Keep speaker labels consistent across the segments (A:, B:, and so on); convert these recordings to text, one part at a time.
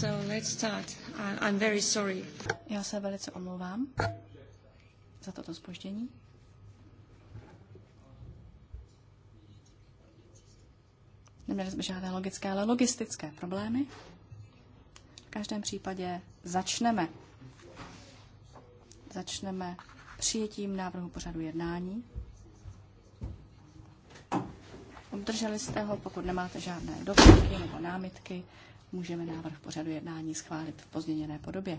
A: So let's start. I'm very sorry. Já se velice omlouvám za toto spoždění. Neměli jsme žádné logické, ale logistické problémy. V každém případě začneme. Začneme přijetím návrhu pořadu jednání. Obdrželi jste ho, pokud nemáte žádné doplňky nebo námitky, můžeme návrh pořadu jednání schválit v pozměněné podobě.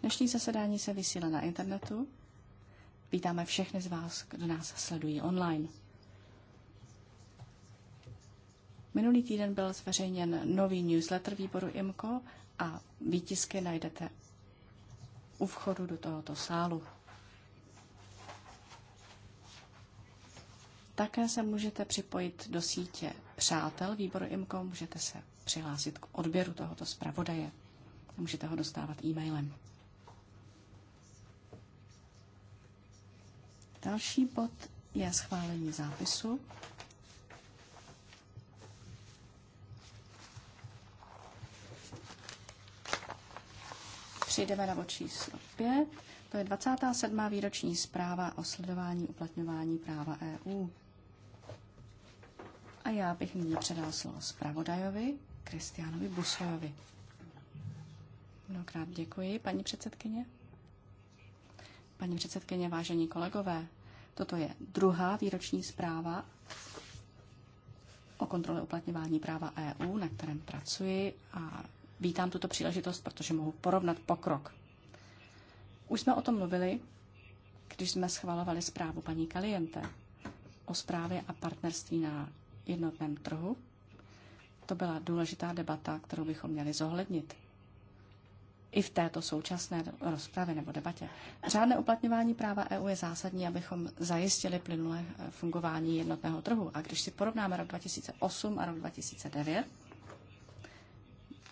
A: Dnešní zasedání se vysílá na internetu. Vítáme všechny z vás, kdo nás sledují online. Minulý týden byl zveřejněn nový newsletter výboru IMCO a výtisky najdete u vchodu do tohoto sálu. Také se můžete připojit do sítě přátel výboru IMCO, můžete se přihlásit k odběru tohoto zpravodaje. Můžete ho dostávat e-mailem. Další bod je schválení zápisu. Přijdeme na bod číslo 5. To je 27. výroční zpráva o sledování uplatňování práva EU. A já bych nyní předal slovo zpravodajovi, Kristiánovi Busojovi. Mnohokrát děkuji, paní předsedkyně. Paní předsedkyně, vážení kolegové, toto je druhá výroční zpráva o kontrole uplatňování práva EU, na kterém pracuji a vítám tuto příležitost, protože mohu porovnat pokrok. Už jsme o tom mluvili, když jsme schvalovali zprávu paní Kaliente o zprávě a partnerství na jednotném trhu. To byla důležitá debata, kterou bychom měli zohlednit i v této současné rozpravě nebo debatě. Řádné uplatňování práva EU je zásadní, abychom zajistili plynulé eh, fungování jednotného trhu. A když si porovnáme rok 2008 a rok 2009,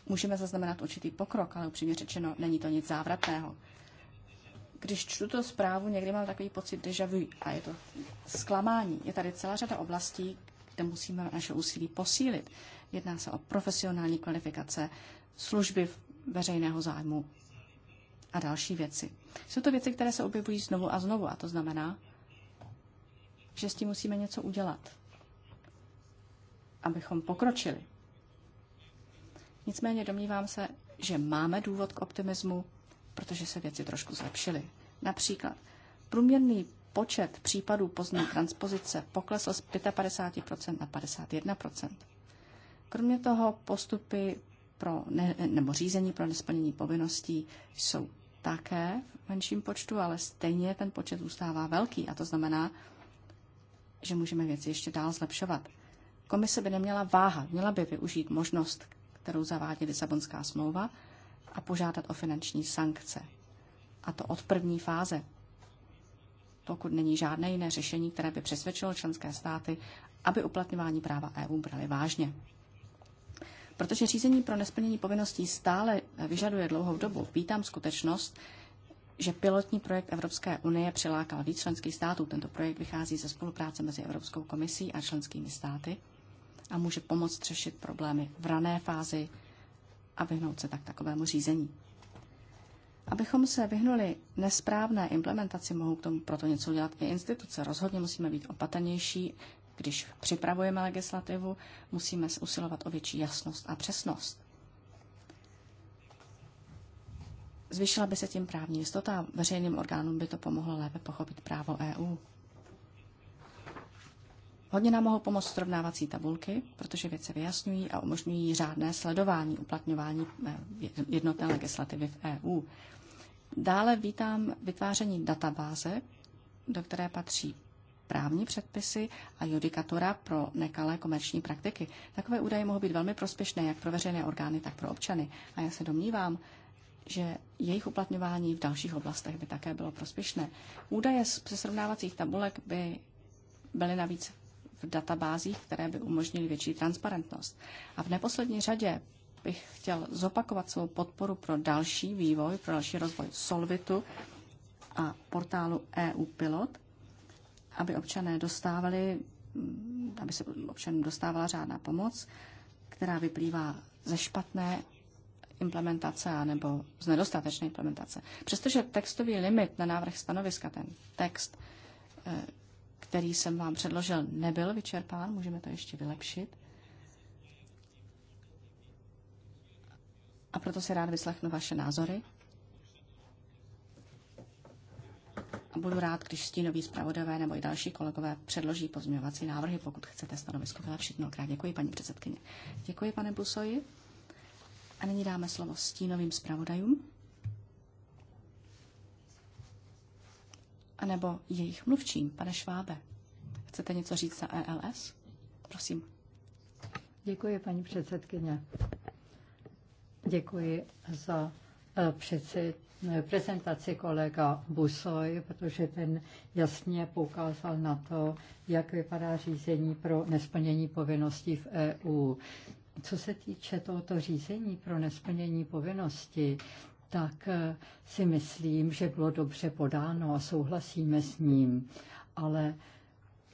A: můžeme zaznamenat určitý pokrok, ale upřímně řečeno, není to nic závratného. Když čtu tu zprávu, někdy mám takový pocit deja vu a je to zklamání. Je tady celá řada oblastí, kde musíme naše úsilí posílit. Jedná se o profesionální kvalifikace, služby veřejného zájmu a další věci. Jsou to věci, které se objevují znovu a znovu a to znamená, že s tím musíme něco udělat, abychom pokročili. Nicméně domnívám se, že máme důvod k optimismu, protože se věci trošku zlepšily. Například průměrný počet případů pozdní transpozice poklesl z 55% na 51%. Kromě toho postupy pro ne, nebo řízení pro nesplnění povinností jsou také v menším počtu, ale stejně ten počet zůstává velký a to znamená, že můžeme věci ještě dál zlepšovat. Komise by neměla váhat, měla by využít možnost, kterou zavádí Lisabonská smlouva a požádat o finanční sankce. A to od první fáze, pokud není žádné jiné řešení, které by přesvědčilo členské státy, aby uplatňování práva EU brali vážně. Protože řízení pro nesplnění povinností stále vyžaduje dlouhou dobu, vítám skutečnost, že pilotní projekt Evropské unie přilákal víc členských států. Tento projekt vychází ze spolupráce mezi Evropskou komisí a členskými státy a může pomoct řešit problémy v rané fázi a vyhnout se tak takovému řízení. Abychom se vyhnuli nesprávné implementaci, mohou k tomu proto něco dělat i instituce. Rozhodně musíme být opatrnější, když připravujeme legislativu, musíme usilovat o větší jasnost a přesnost. Zvyšila by se tím právní jistota a veřejným orgánům by to pomohlo lépe pochopit právo EU. Hodně nám mohou pomoct srovnávací tabulky, protože věci vyjasňují a umožňují řádné sledování uplatňování eh, jednotné legislativy v EU. Dále vítám vytváření databáze, do které patří právní předpisy a judikatura pro nekalé komerční praktiky. Takové údaje mohou být velmi prospěšné jak pro veřejné orgány, tak pro občany. A já se domnívám, že jejich uplatňování v dalších oblastech by také bylo prospěšné. Údaje z srovnávacích tabulek by byly navíc v databázích, které by umožnily větší transparentnost. A v neposlední řadě bych chtěl zopakovat svou podporu pro další vývoj, pro další rozvoj Solvitu a portálu EU Pilot, aby občané dostávali, mm, aby se občanům dostávala řádná pomoc, která vyplývá ze špatné implementace a nebo z nedostatečné implementace. Přestože textový limit na návrh stanoviska, ten text, eh, který jsem vám předložil, nebyl vyčerpán, můžeme to ještě vylepšit, a proto si rád vyslechnu vaše názory. A budu rád, když stínoví zpravodajové nebo i další kolegové předloží pozměňovací návrhy, pokud chcete stanovisko vylepšit. Mnohokrát děkuji, paní předsedkyně. Děkuji, pane Busoji. A nyní dáme slovo stínovým zpravodajům. A nebo jejich mluvčím, pane Švábe. Chcete něco říct za ELS? Prosím.
B: Děkuji, paní předsedkyně. Děkuji za e, přeci prezentaci kolega Busoj, protože ten jasně poukázal na to, jak vypadá řízení pro nesplnění povinností v EU. Co se týče tohoto řízení pro nesplnění povinnosti, tak e, si myslím, že bylo dobře podáno a souhlasíme s ním, ale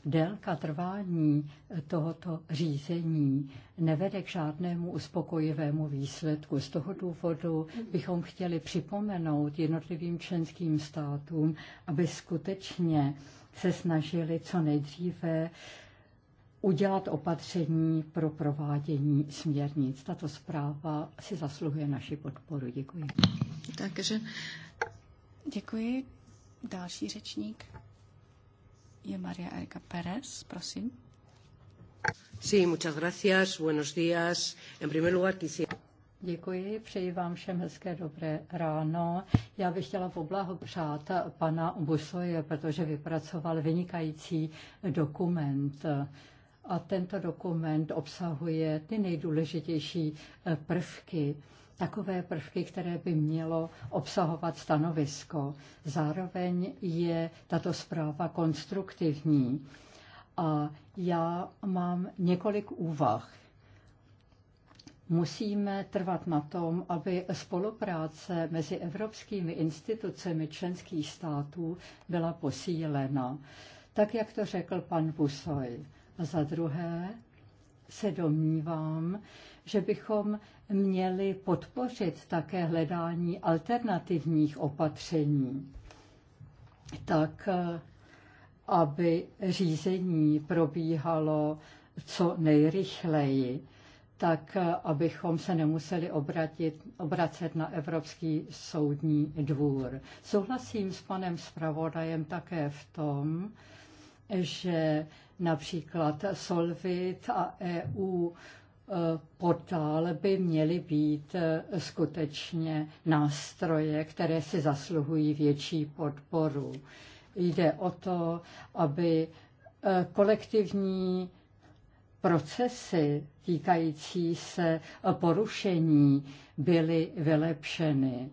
B: délka trvání tohoto řízení nevede k žádnému uspokojivému výsledku. Z toho důvodu bychom chtěli připomenout jednotlivým členským státům, aby skutečně se snažili co nejdříve udělat opatření pro provádění směrnic. Tato zpráva si zasluhuje naši podporu. Děkuji. Takže děkuji. Další řečník
A: je Maria Erika Pérez, prosím.
B: Sí, muchas gracias. Buenos días. En primer lugar quisiera... Děkuji, přeji vám všem hezké dobré ráno. Já bych chtěla poblahopřát pana Busoje, protože vypracoval vynikající dokument. A tento dokument obsahuje ty nejdůležitější prvky takové prvky, které by mělo obsahovat stanovisko. Zároveň je tato zpráva konstruktivní. A já mám několik úvah. Musíme trvat na tom, aby spolupráce mezi evropskými institucemi členských států byla posílena. Tak, jak to řekl pan Busoj. A za druhé se domnívám, že bychom měli podpořit také hledání alternativních opatření, tak eh, aby řízení probíhalo co nejrychleji, tak eh, abychom se nemuseli obratit, obracet na Evropský soudní dvůr. Souhlasím s panem zpravodajem také v tom, že například Solvit a EU Eh, portále by měly být eh, skutečně nástroje, které si zasluhují větší podporu. Jde o to, aby eh, kolektivní procesy týkající se porušení byly vylepšeny.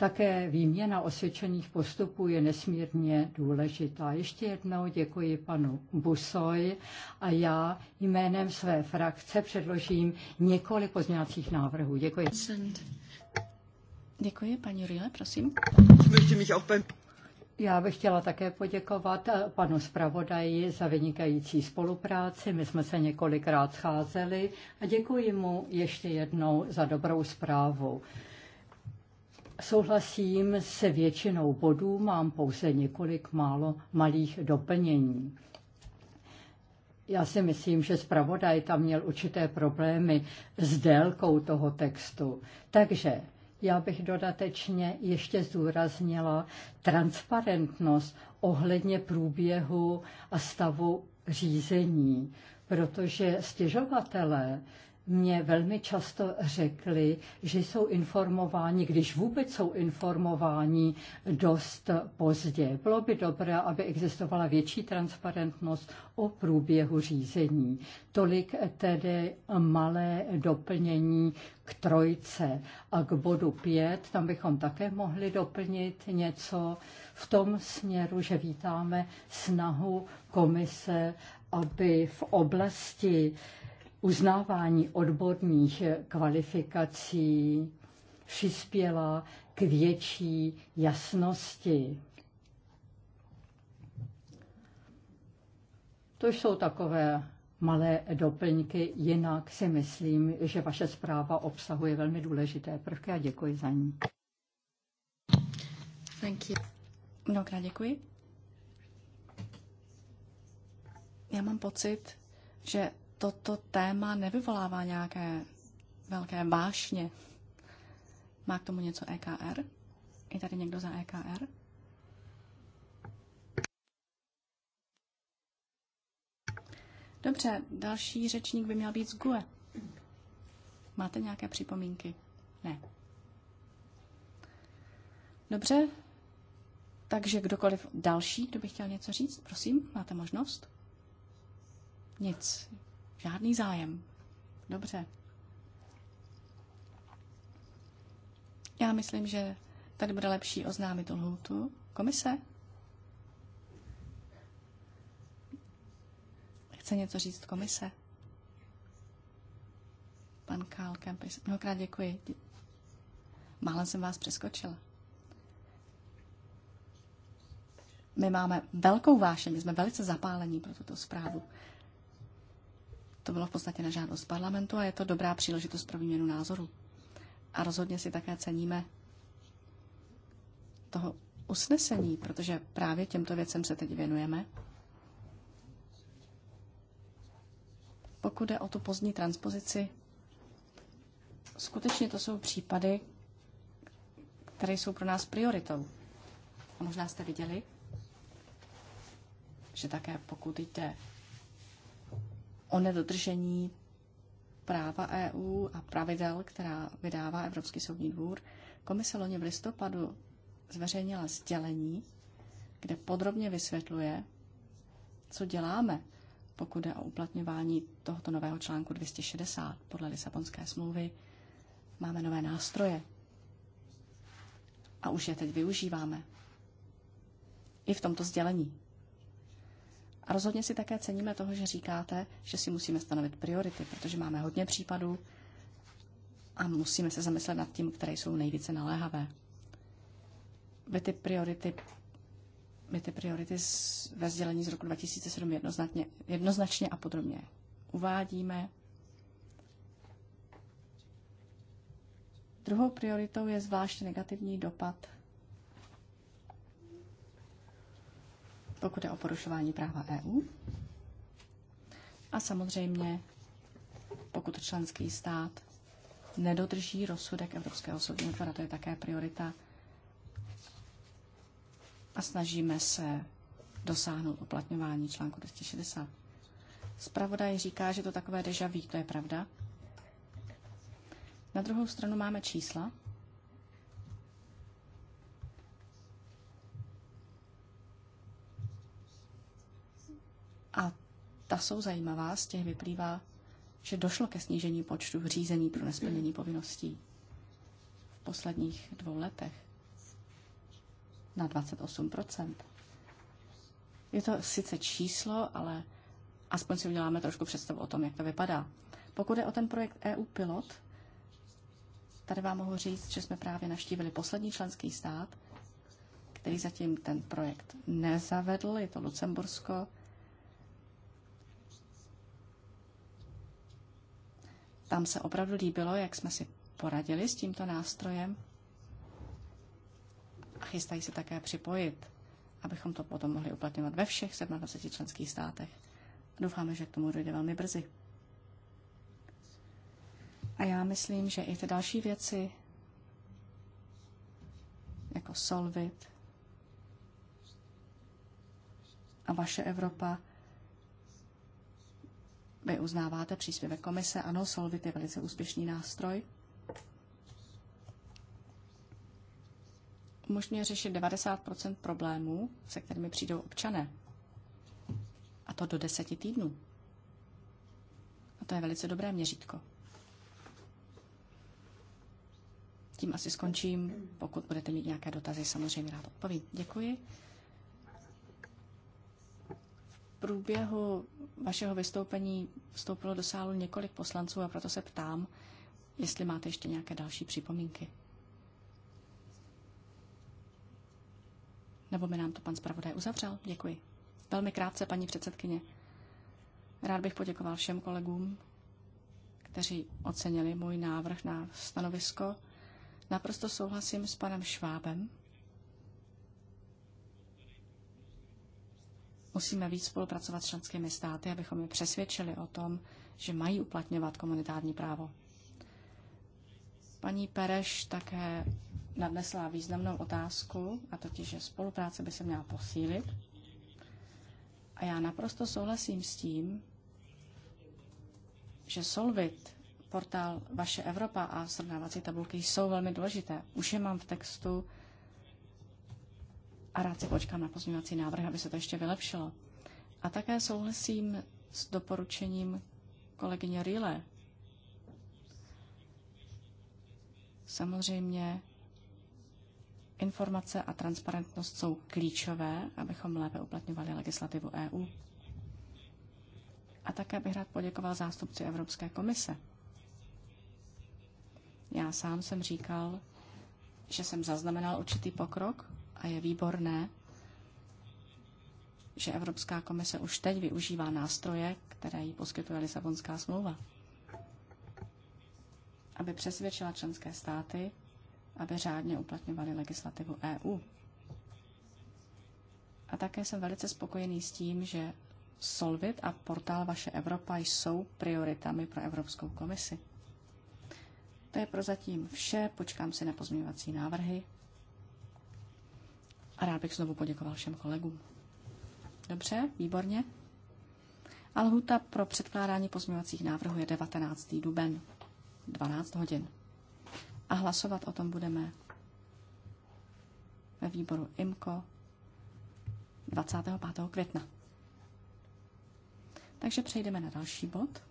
B: Také výměna osvědčených postupů je nesmírně důležitá. Ještě jednou děkuji panu Busoj a já jménem své frakce předložím několik pozměňovacích návrhů. Děkuji. Děkuji, paní Rile, prosím. Já bych chtěla také poděkovat panu zpravodaji za vynikající spolupráci. My jsme se několikrát scházeli a děkuji mu ještě jednou za dobrou zprávu souhlasím se většinou bodů, mám pouze několik málo malých doplnění. Já si myslím, že zpravodaj tam měl určité problémy s délkou toho textu. Takže já bych dodatečně ještě zdůraznila transparentnost ohledně průběhu a stavu řízení, protože stěžovatelé mě velmi často řekli, že jsou informováni, když vůbec jsou informováni, dost pozdě. Bylo by dobré, aby existovala větší transparentnost o průběhu řízení. Tolik tedy malé doplnění k trojce a k bodu pět. Tam bychom také mohli doplnit něco v tom směru, že vítáme snahu komise, aby v oblasti uznávání odborných kvalifikací přispěla k větší jasnosti. To jsou takové malé doplňky, jinak si myslím, že vaše zpráva obsahuje velmi důležité prvky a děkuji za ní.
A: Thank you. Mnohokrát děkuji. Já mám pocit, že toto téma nevyvolává nějaké velké vášně. Má k tomu něco EKR? Je tady někdo za EKR? Dobře, další řečník by měl být z GUE. Máte nějaké připomínky? Ne. Dobře, takže kdokoliv další, kdo by chtěl něco říct, prosím, máte možnost? Nic. Žádný zájem. Dobře. Já myslím, že tady bude lepší oznámit lhůtu. Komise? Chce něco říct komise? Pan Karl Kempis. Mnohokrát děkuji. Málem jsem vás přeskočila. My máme velkou vášeň, my jsme velice zapálení pro tuto zprávu. To bylo v podstatě na žádost parlamentu a je to dobrá příležitost pro výměnu názoru. A rozhodně si také ceníme toho usnesení, protože právě těmto věcem se teď věnujeme. Pokud jde o tu pozdní transpozici, skutečně to jsou případy, které jsou pro nás prioritou. A možná jste viděli, že také pokud jde o nedodržení práva EU a pravidel, která vydává Evropský soudní dvůr, komise loni v listopadu zveřejnila sdělení, kde podrobně vysvětluje, co děláme, pokud je o uplatňování tohoto nového článku 260 podle Lisabonské smlouvy. Máme nové nástroje a už je teď využíváme. I v tomto sdělení. A rozhodně si také ceníme toho, že říkáte, že si musíme stanovit priority, protože máme hodně případů a musíme se zamyslet nad tím, které jsou nejvíce naléhavé. Vy ty priority, vy ty priority ve sdělení z roku 2007 jednoznačně, jednoznačně a podrobně uvádíme. Druhou prioritou je zvláště negativní dopad pokud je o porušování práva EU. A samozřejmě, pokud členský stát nedodrží rozsudek Evropského soudního dvora, to je také priorita. A snažíme se dosáhnout uplatňování článku 260. Spravodaj říká, že to takové deja vu, to je pravda. Na druhou stranu máme čísla, A ta jsou zajímavá, z těch vyplývá, že došlo ke snížení počtu řízení pro nesplnění povinností v posledních dvou letech na 28 Je to sice číslo, ale aspoň si uděláme trošku představu o tom, jak to vypadá. Pokud je o ten projekt EU Pilot, tady vám mohu říct, že jsme právě naštívili poslední členský stát, který zatím ten projekt nezavedl, je to Lucembursko, Tam se opravdu líbilo, jak jsme si poradili s tímto nástrojem a chystají se také připojit, abychom to potom mohli uplatňovat ve všech 27 členských státech. Doufáme, že k tomu dojde velmi brzy. A já myslím, že i ty další věci, jako Solvit a vaše Evropa, vy uznáváte příspěvek komise, ano, Solvit je velice úspěšný nástroj. Umožňuje řešit 90 problémů, se kterými přijdou občané. A to do deseti týdnů. A to je velice dobré měřítko. Tím asi skončím. Pokud budete mít nějaké dotazy, samozřejmě rád odpovím. Děkuji průběhu vašeho vystoupení vstoupilo do sálu několik poslanců a proto se ptám, jestli máte ještě nějaké další připomínky. Nebo by nám to pan zpravodaj uzavřel? Děkuji. Velmi krátce, paní předsedkyně. Rád bych poděkoval všem kolegům, kteří ocenili můj návrh na stanovisko. Naprosto souhlasím s panem Švábem, Musíme víc spolupracovat s členskými státy, abychom je přesvědčili o tom, že mají uplatňovat komunitární právo. Paní Pereš také nadnesla významnou otázku, a totiž, že spolupráce by se měla posílit. A já naprosto souhlasím s tím, že Solvit, portál Vaše Evropa a srovnávací tabulky jsou velmi důležité. Už je mám v textu a rád si počkám na pozměňovací návrh, aby se to ještě vylepšilo. A také souhlasím s doporučením kolegyně Rile. Samozřejmě informace a transparentnost jsou klíčové, abychom lépe uplatňovali legislativu EU. A také bych rád poděkoval zástupci Evropské komise. Já sám jsem říkal, že jsem zaznamenal určitý pokrok, a je výborné, že Evropská komise už teď využívá nástroje, které jí poskytuje Lisabonská smlouva, aby přesvědčila členské státy, aby řádně uplatňovali legislativu EU. A také jsem velice spokojený s tím, že Solvit a portál Vaše Evropa jsou prioritami pro Evropskou komisi. To je prozatím vše, počkám si na pozměňovací návrhy a rád bych znovu poděkoval všem kolegům. Dobře, výborně. A lhuta pro předkládání pozměňovacích návrhů je 19. duben, 12 hodin. A hlasovat o tom budeme ve výboru IMKO 25. května. Takže přejdeme na další bod.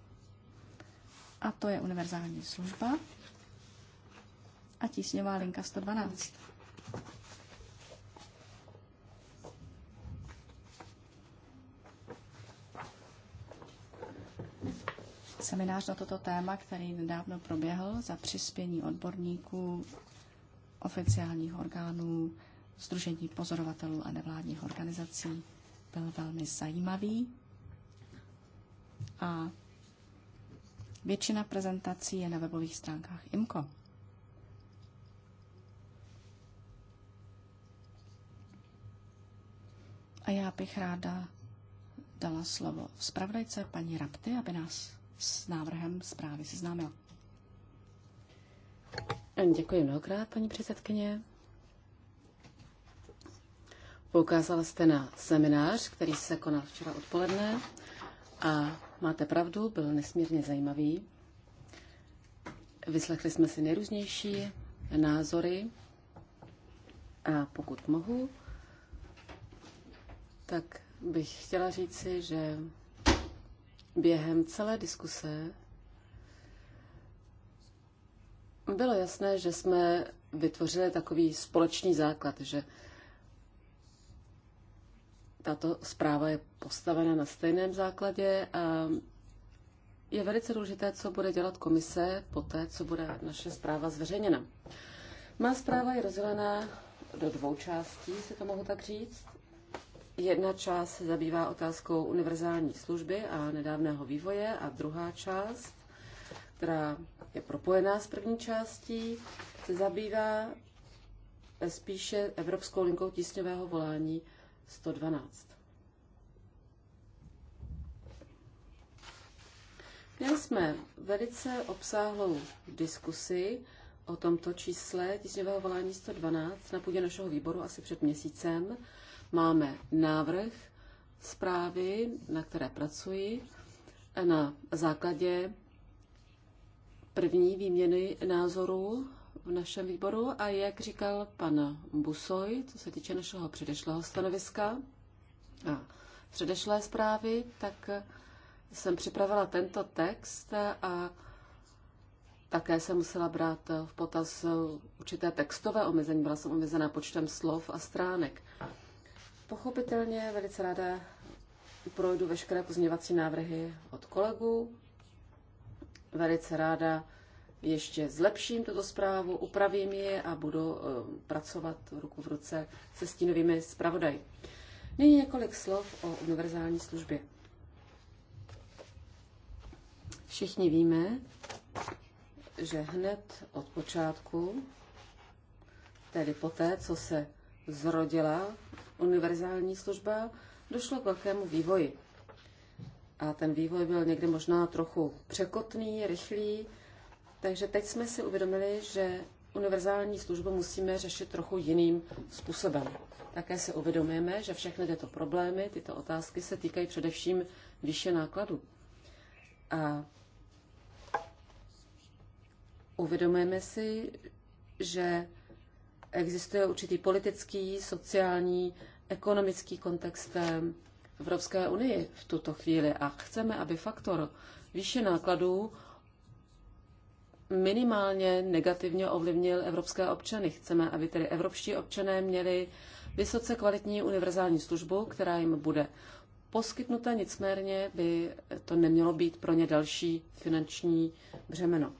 A: A to je univerzální služba a tísňová linka 112. seminář na toto téma, který nedávno proběhl za přispění odborníků, oficiálních orgánů, Združení pozorovatelů a nevládních organizací byl velmi zajímavý. A většina prezentací je na webových stránkách IMCO. A já bych ráda dala slovo zpravodajce paní Rapty, aby nás s návrhem zprávy seznámil.
C: Děkuji mnohokrát, paní předsedkyně. Poukázala jste na seminář, který se konal včera odpoledne a máte pravdu, byl nesmírně zajímavý. Vyslechli jsme si nejrůznější názory a pokud mohu, tak bych chtěla říci, že Během celé diskuse bylo jasné, že jsme vytvořili takový společný základ, že tato zpráva je postavena na stejném základě a je velice důležité, co bude dělat komise po té, co bude naše zpráva zveřejněna. Má zpráva je rozdělená do dvou částí, si to mohu tak říct. Jedna část se zabývá otázkou univerzální služby a nedávného vývoje a druhá část, která je propojená s první částí, se zabývá spíše evropskou linkou tísňového volání 112. Měli jsme velice obsáhlou diskusi o tomto čísle tísňového volání 112 na půdě našeho výboru asi před měsícem. Máme návrh zprávy, na které pracuji, na základě první výměny názorů v našem výboru a jak říkal pan Busoj, co se týče našeho předešlého stanoviska a předešlé zprávy, tak jsem připravila tento text a také jsem musela brát v potaz určité textové omezení. Byla jsem omezená počtem slov a stránek. Pochopitelně velice ráda projdu veškeré pozměňovací návrhy od kolegů. Velice ráda ještě zlepším tuto zprávu, upravím ji a budu eh, pracovat ruku v ruce se stínovými zpravodaji. Nyní několik slov o univerzální službě. Všichni víme, že hned od počátku, tedy poté, co se zrodila univerzální služba, došlo k velkému vývoji. A ten vývoj byl někdy možná trochu překotný, rychlý, takže teď jsme si uvědomili, že univerzální službu musíme řešit trochu jiným způsobem. Také si uvědomujeme, že všechny tyto problémy, tyto otázky se týkají především výše nákladu A uvědomujeme si, že existuje určitý politický, sociální ekonomický kontext eh, Evropské unii v tuto chvíli a chceme, aby faktor výše nákladů minimálně negativně ovlivnil evropské občany. Chceme, aby tedy evropští občané měli vysoce kvalitní univerzální službu, která jim bude poskytnuta, nicméně by to nemělo být pro ně další finanční břemeno.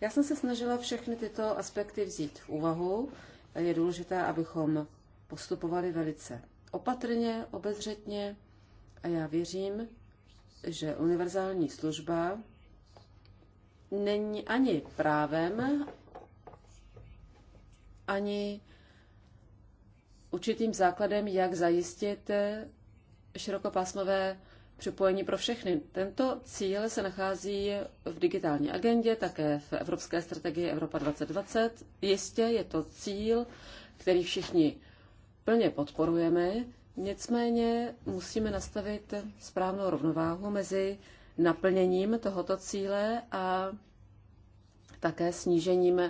C: Já jsem se snažila všechny tyto aspekty vzít v úvahu. Je důležité, abychom postupovali velice opatrně, obezřetně a já věřím, že univerzální služba není ani právem, ani určitým základem, jak zajistit širokopásmové připojení pro všechny. Tento cíl se nachází v digitální agendě, také v Evropské strategii Evropa 2020. Jistě je to cíl, který všichni plně podporujeme, nicméně musíme nastavit správnou rovnováhu mezi naplněním tohoto cíle a také snížením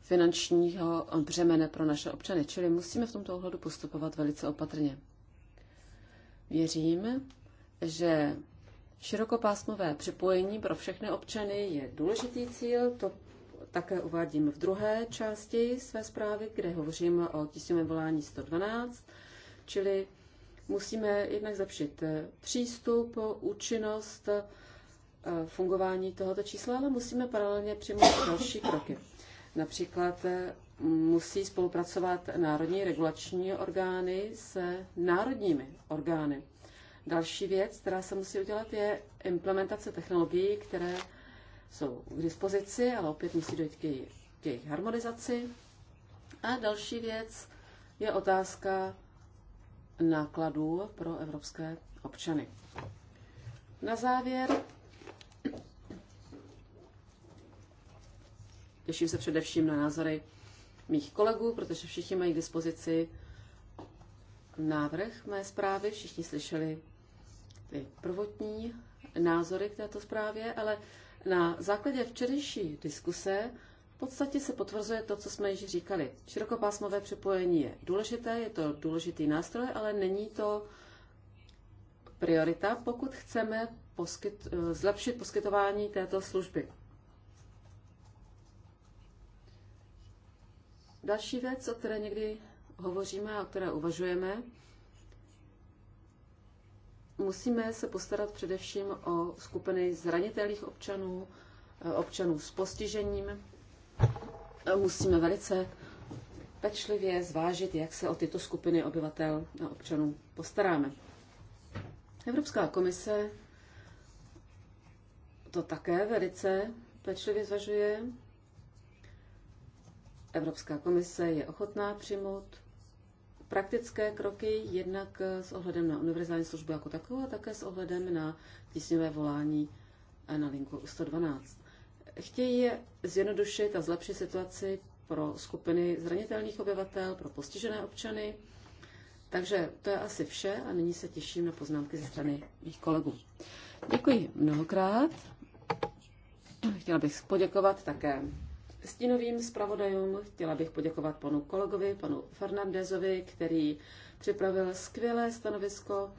C: finančního břemene pro naše občany. Čili musíme v tomto ohledu postupovat velice opatrně. Věřím, že širokopásmové připojení pro všechny občany je důležitý cíl, to také uvádím v druhé části své zprávy, kde hovořím o tisňovém volání 112, čili musíme jednak zlepšit eh, přístup, účinnost, eh, fungování tohoto čísla, ale musíme paralelně přijmout další kroky. Například eh, musí spolupracovat národní regulační orgány s národními orgány. Další věc, která se musí udělat, je implementace technologií, které jsou k dispozici, ale opět musí dojít k, k jejich harmonizaci. A další věc je otázka nákladů pro evropské občany. Na závěr těším se především na názory mých kolegů, protože všichni mají k dispozici návrh mé zprávy, všichni slyšeli ty prvotní názory k této zprávě, ale na základě včerejší diskuse v podstatě se potvrzuje to, co jsme již říkali. Širokopásmové připojení je důležité, je to důležitý nástroj, ale není to priorita, pokud chceme poskyt, eh, zlepšit poskytování této služby. Další věc, o které někdy hovoříme a o které uvažujeme, musíme se postarat především o skupiny zranitelných občanů, eh, občanů s postižením. Eh, musíme velice pečlivě zvážit, jak se o tyto skupiny obyvatel a občanů postaráme. Evropská komise to také velice pečlivě zvažuje. Evropská komise je ochotná přijmout praktické kroky, jednak s ohledem na univerzální službu jako takovou a také s ohledem na tísňové volání na linku 112. Chtějí zjednodušit a zlepšit situaci pro skupiny zranitelných obyvatel, pro postižené občany. Takže to je asi vše a nyní se těším na poznámky ze strany mých kolegů. Děkuji mnohokrát. Chtěla bych poděkovat také stínovým zpravodajům. Chtěla bych poděkovat panu kolegovi, panu Fernandezovi, který připravil skvělé stanovisko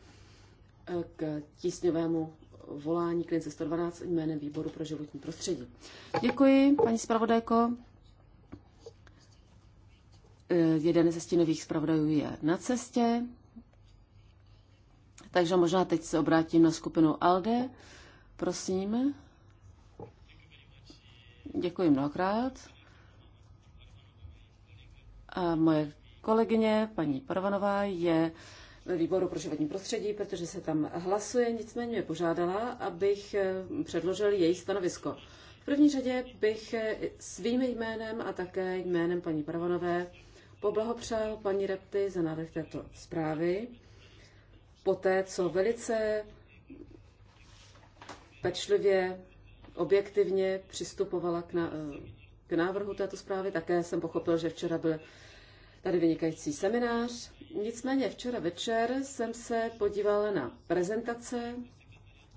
C: eh, k tísňovému volání klince 112 jménem Výboru pro životní prostředí. Děkuji, paní zpravodajko. Eh, jeden ze stínových zpravodajů je na cestě, takže možná teď se obrátím na skupinu ALDE. Prosím. Děkuji mnohokrát. A moje kolegyně, paní Parvanová, je ve výboru pro životní prostředí, protože se tam hlasuje, nicméně mě požádala, abych eh, předložil jejich stanovisko. V první řadě bych eh, svým jménem a také jménem paní Parvanové poblahopřál paní Repty za návrh této zprávy. Poté, co velice pečlivě objektivně přistupovala k, na, eh, k návrhu této zprávy. Také jsem pochopil, že včera byl tady vynikající seminář. Nicméně včera večer jsem se podívala na prezentace,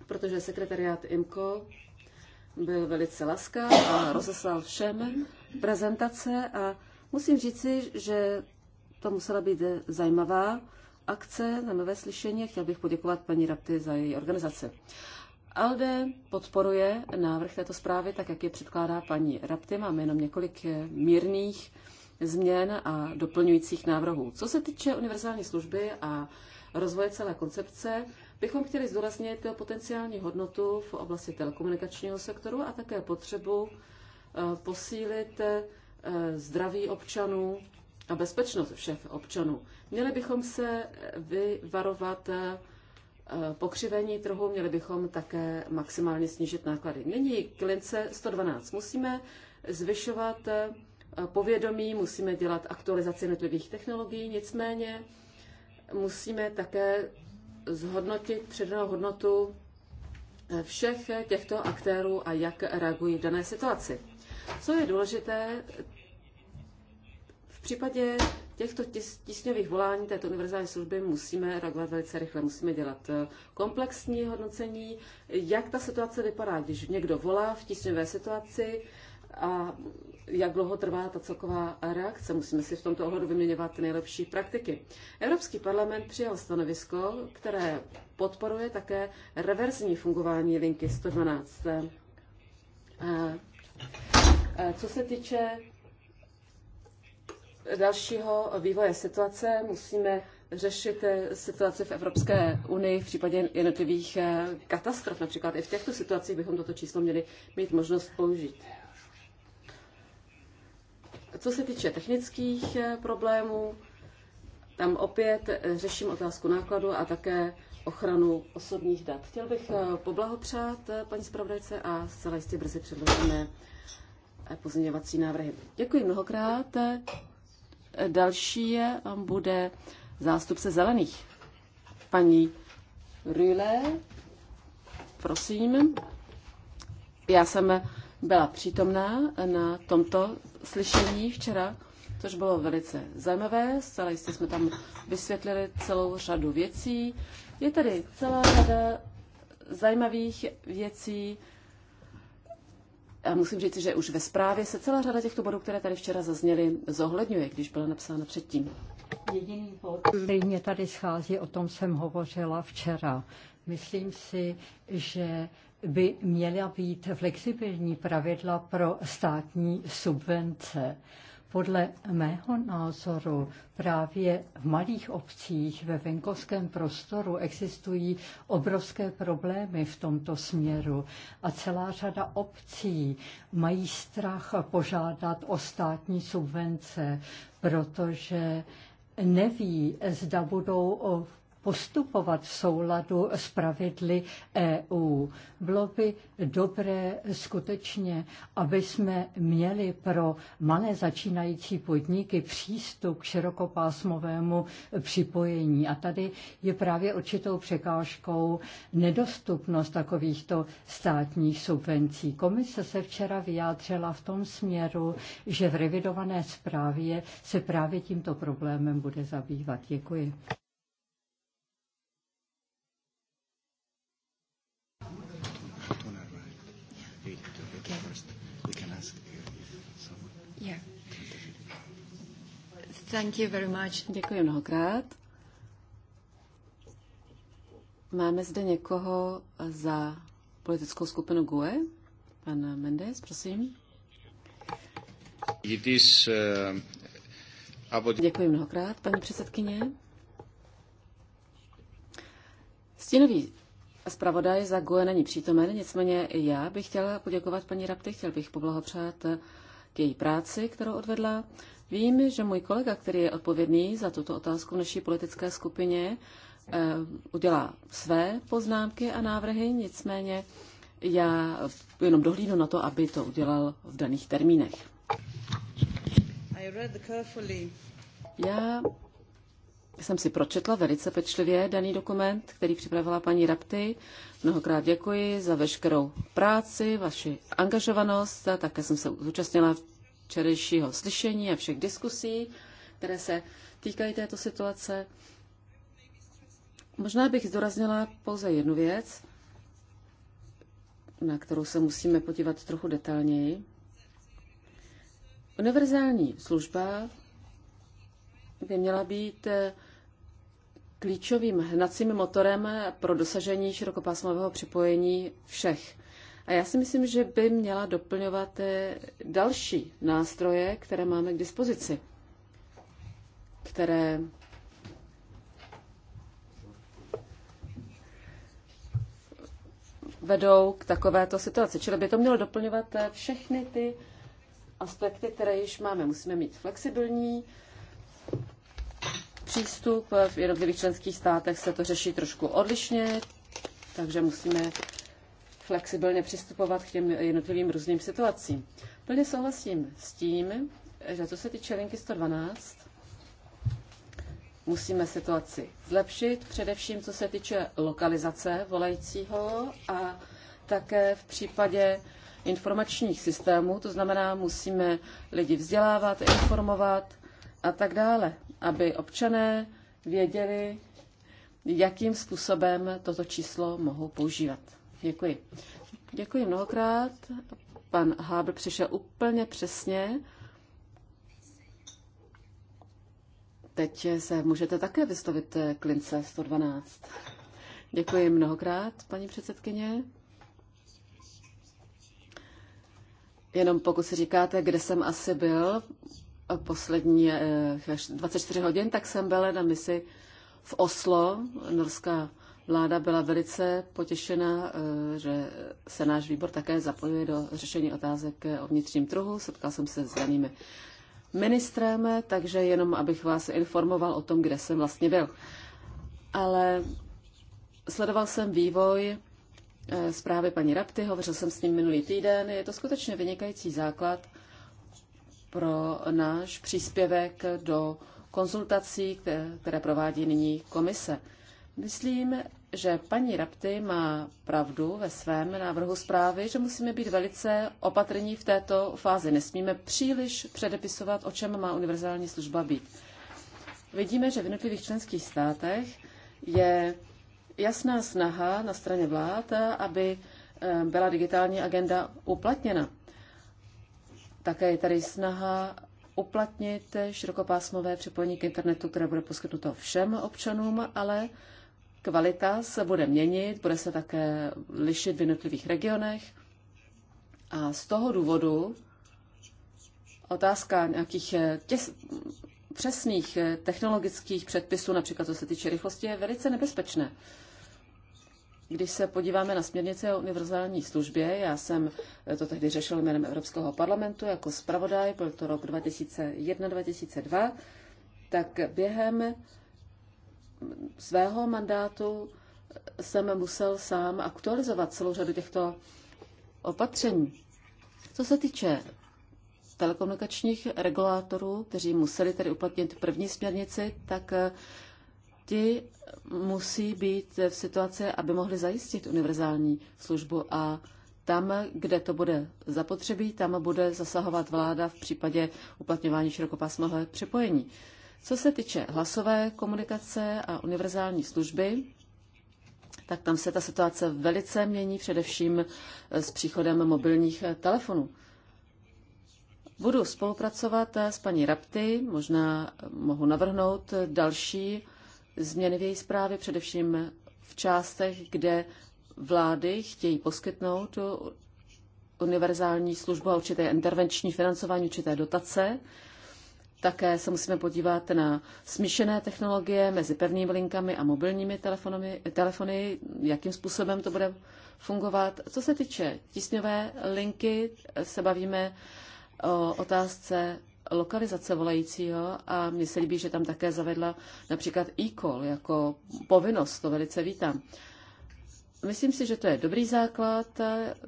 C: protože sekretariát IMCO byl velice laskav a rozeslal všem prezentace a musím říci, že to musela být zajímavá akce na nové slyšení. Chtěl bych poděkovat paní Rapty za její organizaci. ALDE podporuje návrh této zprávy, tak jak je předkládá paní Rapty. Máme jenom několik mírných změn a doplňujících návrhů. Co se týče univerzální služby a rozvoje celé koncepce, bychom chtěli zdůraznit potenciální hodnotu v oblasti telekomunikačního sektoru a také potřebu eh, posílit eh, zdraví občanů a bezpečnost všech občanů. Měli bychom se vyvarovat eh, Eh, pokřivení trhu, měli bychom také maximálně snížit náklady. Nyní k lince 112. Musíme zvyšovat eh, povědomí, musíme dělat aktualizaci jednotlivých technologií, nicméně musíme také zhodnotit předanou hodnotu eh, všech těchto aktérů a jak reagují v dané situaci. Co je důležité, v případě těchto tis, tisňových volání této univerzální služby musíme reagovat velice rychle. Musíme dělat eh, komplexní hodnocení, jak ta situace vypadá, když někdo volá v tisňové situaci a jak dlouho trvá ta celková reakce. Musíme si v tomto ohledu vyměňovat nejlepší praktiky. Evropský parlament přijal stanovisko, které podporuje také reverzní fungování linky 112. Eh, eh, co se týče dalšího vývoje situace. Musíme řešit eh, situaci v Evropské unii v případě jednotlivých eh, katastrof. Například i v těchto situacích bychom toto číslo měli mít možnost použít. Co se týče technických eh, problémů, tam opět řeším otázku nákladu a také ochranu osobních dat. Chtěl bych poblahopřát paní zpravodajce a zcela jistě brzy předložíme pozměňovací návrhy. Děkuji mnohokrát. Další bude zástupce zelených. Paní Rüle, prosím. Já jsem byla přítomná na tomto slyšení včera, což bylo velice zajímavé. Zcela jistě jsme tam vysvětlili celou řadu věcí. Je tady celá řada zajímavých věcí, musím říct, že už ve zprávě se celá řada těchto bodů, které tady včera zazněly, zohledňuje, když byla napsána předtím.
B: Jediný bod, který mě tady schází, o tom jsem hovořila včera. Myslím si, že by měla být flexibilní pravidla pro státní subvence. Podle mého názoru právě v malých obcích ve venkovském prostoru existují obrovské problémy v tomto směru a celá řada obcí mají strach požádat o státní subvence, protože neví, zda budou postupovat v souladu s pravidly EU. Bylo by dobré skutečně, aby jsme měli pro malé začínající podniky přístup k širokopásmovému připojení. A tady je právě určitou překážkou nedostupnost takovýchto státních subvencí. Komise se včera vyjádřila v tom směru, že v revidované zprávě se právě tímto problémem bude zabývat. Děkuji.
C: Thank you very much. Děkuji mnohokrát. Máme zde někoho za politickou skupinu GUE. Pan Mendes, prosím.
A: It is, uh,
C: about... Děkuji mnohokrát, paní předsedkyně. Stínový. Spravodaj za GUE není přítomen, nicméně i já bych chtěla poděkovat paní Rapty, chtěl bych poblahopřát eh, k její práci, kterou odvedla. Vím, že můj kolega, který je odpovědný za tuto otázku v naší politické skupině, eh, udělá své poznámky a návrhy, nicméně já jenom dohlídnu na to, aby to udělal v daných termínech. Já jsem si pročetla velice pečlivě daný dokument, který připravila paní Rapty. Mnohokrát děkuji za veškerou práci, vaši angažovanost. A také jsem se zúčastnila včerejšího slyšení a všech diskusí, které se týkají této situace. Možná bych zdoraznila pouze jednu věc, na kterou se musíme podívat trochu detailněji. Univerzální služba by měla být klíčovým hnacím motorem pro dosažení širokopásmového připojení všech. A já si myslím, že by měla doplňovat eh, další nástroje, které máme k dispozici, které vedou k takovéto situaci. Čili by to mělo doplňovat eh, všechny ty aspekty, které již máme. Musíme mít flexibilní přístup. V jednotlivých členských státech se to řeší trošku odlišně, takže musíme flexibilně přistupovat k těm jednotlivým různým situacím. Plně souhlasím s tím, že co se týče linky 112, musíme situaci zlepšit, především co se týče lokalizace volajícího a také v případě informačních systémů, to znamená, musíme lidi vzdělávat, informovat a tak dále aby občané věděli, jakým způsobem toto číslo mohou používat. Děkuji. Děkuji mnohokrát. Pan Hábl přišel úplně přesně. Teď se můžete také vystavit klince 112. Děkuji mnohokrát, paní předsedkyně. Jenom pokud si říkáte, kde jsem asi byl, poslední 24 eh, hodin, tak jsem byla na misi v Oslo. Norská vláda byla velice potěšena, eh, že se náš výbor také zapojuje do řešení otázek eh, o vnitřním trhu. Setkal jsem se s danými ministrem, takže jenom abych vás informoval o tom, kde jsem vlastně byl. Ale sledoval jsem vývoj zprávy paní Rapty, hovořil jsem s ním minulý týden. Je to skutečně vynikající základ pro náš příspěvek do konzultací, které, provádí nyní komise. Myslím, že paní Rapty má pravdu ve svém návrhu zprávy, že musíme být velice opatrní v této fázi. Nesmíme příliš předepisovat, o čem má univerzální služba být. Vidíme, že v jednotlivých členských státech je jasná snaha na straně vlád, aby eh, byla digitální agenda uplatněna. Také je tady snaha uplatnit širokopásmové připojení k internetu, které bude poskytnuto všem občanům, ale kvalita se bude měnit, bude se také lišit v jednotlivých regionech. A z toho důvodu otázka nějakých eh, těs, přesných eh, technologických předpisů, například co se týče rychlosti, je velice nebezpečné. Když se podíváme na směrnice o univerzální službě, já jsem eh, to tehdy řešil jménem Evropského parlamentu jako zpravodaj, byl to rok 2001-2002, tak během svého mandátu eh, jsem musel sám aktualizovat celou řadu těchto opatření. Co se týče telekomunikačních regulátorů, kteří museli tedy uplatnit první směrnici, tak eh, ti musí být v situaci, aby mohli zajistit univerzální službu a tam, kde to bude zapotřebí, tam bude zasahovat vláda v případě uplatňování širokopásmového připojení. Co se týče hlasové komunikace a univerzální služby, tak tam se ta situace velice mění, především eh, s příchodem mobilních eh, telefonů. Budu spolupracovat eh, s paní Rapty, možná mohu navrhnout další změny v její zprávě, především v částech, kde vlády chtějí poskytnout univerzální službu a určité intervenční financování, určité dotace. Také se musíme podívat na smíšené technologie mezi pevnými linkami a mobilními telefony, telefony, jakým způsobem to bude fungovat. Co se týče tisňové linky, se bavíme o otázce lokalizace volajícího a mně se líbí, že tam také zavedla například e-call jako povinnost, to velice vítám. Myslím si, že to je dobrý základ,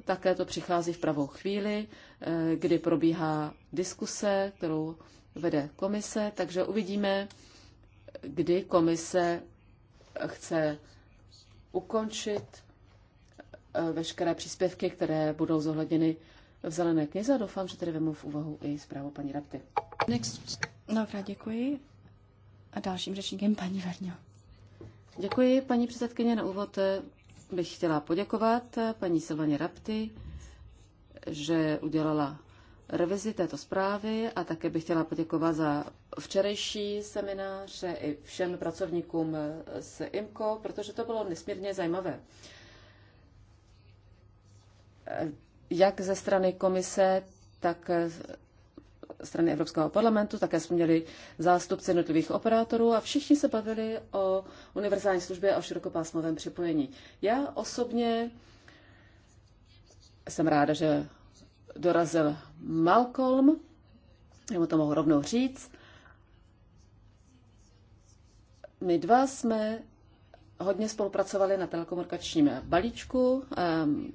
C: také to přichází v pravou chvíli, eh, kdy probíhá diskuse, kterou vede komise, takže uvidíme, kdy komise chce ukončit eh, veškeré příspěvky, které budou zohledněny v zelené knize a doufám, že tedy vemu v úvahu i zprávu paní Rapty.
A: Next. Dobrá, děkuji. A dalším řečníkem paní Verňo. Děkuji, paní předsedkyně.
C: Na úvod eh, bych chtěla poděkovat eh, paní Silvaně Rapty, že udělala revizi této zprávy a také bych chtěla poděkovat za včerejší seminář i všem pracovníkům s eh, IMCO, protože to bylo nesmírně zajímavé jak ze strany komise, tak strany Evropského parlamentu, také jsme měli zástupce jednotlivých operátorů a všichni se bavili o univerzální službě a o širokopásmovém připojení. Já osobně jsem ráda, že dorazil Malcolm, já mu to mohu rovnou říct. My dva jsme hodně spolupracovali na telekomunikačním balíčku.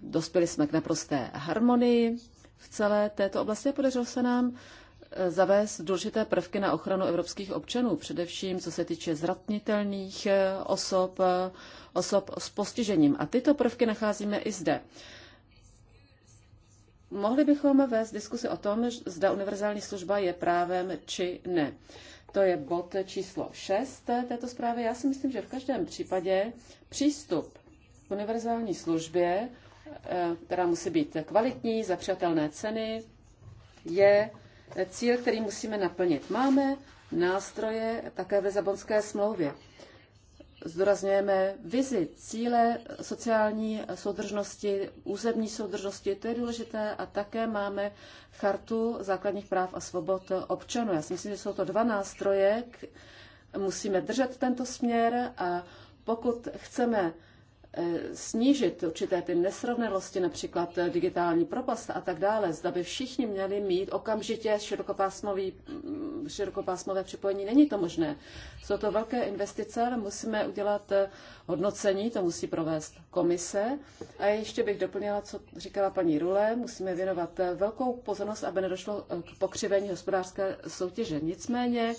C: Dospěli jsme k naprosté harmonii v celé této oblasti a podařilo se nám eh, zavést důležité prvky na ochranu evropských občanů, především co se týče zratnitelných eh, osob, eh, osob s postižením. A tyto prvky nacházíme i zde. Mohli bychom vést diskusi o tom, zda univerzální služba je právem či ne to je bod číslo 6 této zprávy. Já si myslím, že v každém případě přístup k univerzální službě, eh, která musí být kvalitní, za přijatelné ceny, je cíl, který musíme naplnit. Máme nástroje také ve Zabonské smlouvě zdůrazňujeme vizi, cíle sociální soudržnosti, územní soudržnosti, to je důležité a také máme chartu základních práv a svobod občanů. Já si myslím, že jsou to dva nástroje, musíme držet tento směr a pokud chceme Eh, snížit určité ty nesrovnalosti, například eh, digitální propast a tak dále, zda by všichni měli mít okamžitě širokopásmový, mm, širokopásmové připojení. Není to možné. Jsou to velké investice, ale musíme udělat eh, hodnocení, to musí provést komise. A ještě bych doplnila, co říkala paní Rule, musíme věnovat velkou pozornost, aby nedošlo k pokřivení hospodářské soutěže. Nicméně,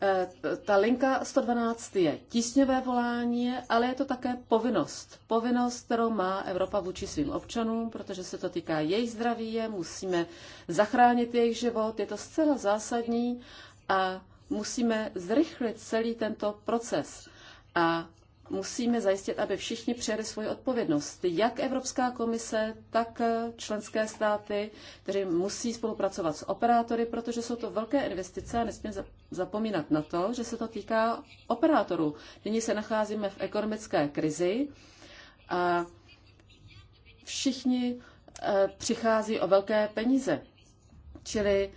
C: Eh, ta linka 112 je tísňové volání, ale je to také povinnost. Povinnost, kterou má Evropa vůči svým občanům, protože se to týká jejich zdraví, je, musíme zachránit jejich život, je to zcela zásadní a musíme zrychlit celý tento proces. A musíme zajistit, aby všichni přijali svoji odpovědnost. Jak Evropská komise, tak členské státy, které musí spolupracovat s operátory, protože jsou to velké investice a nesmíme zapomínat na to, že se to týká operátorů. Nyní se nacházíme v ekonomické krizi a všichni eh, přichází o velké peníze. Čili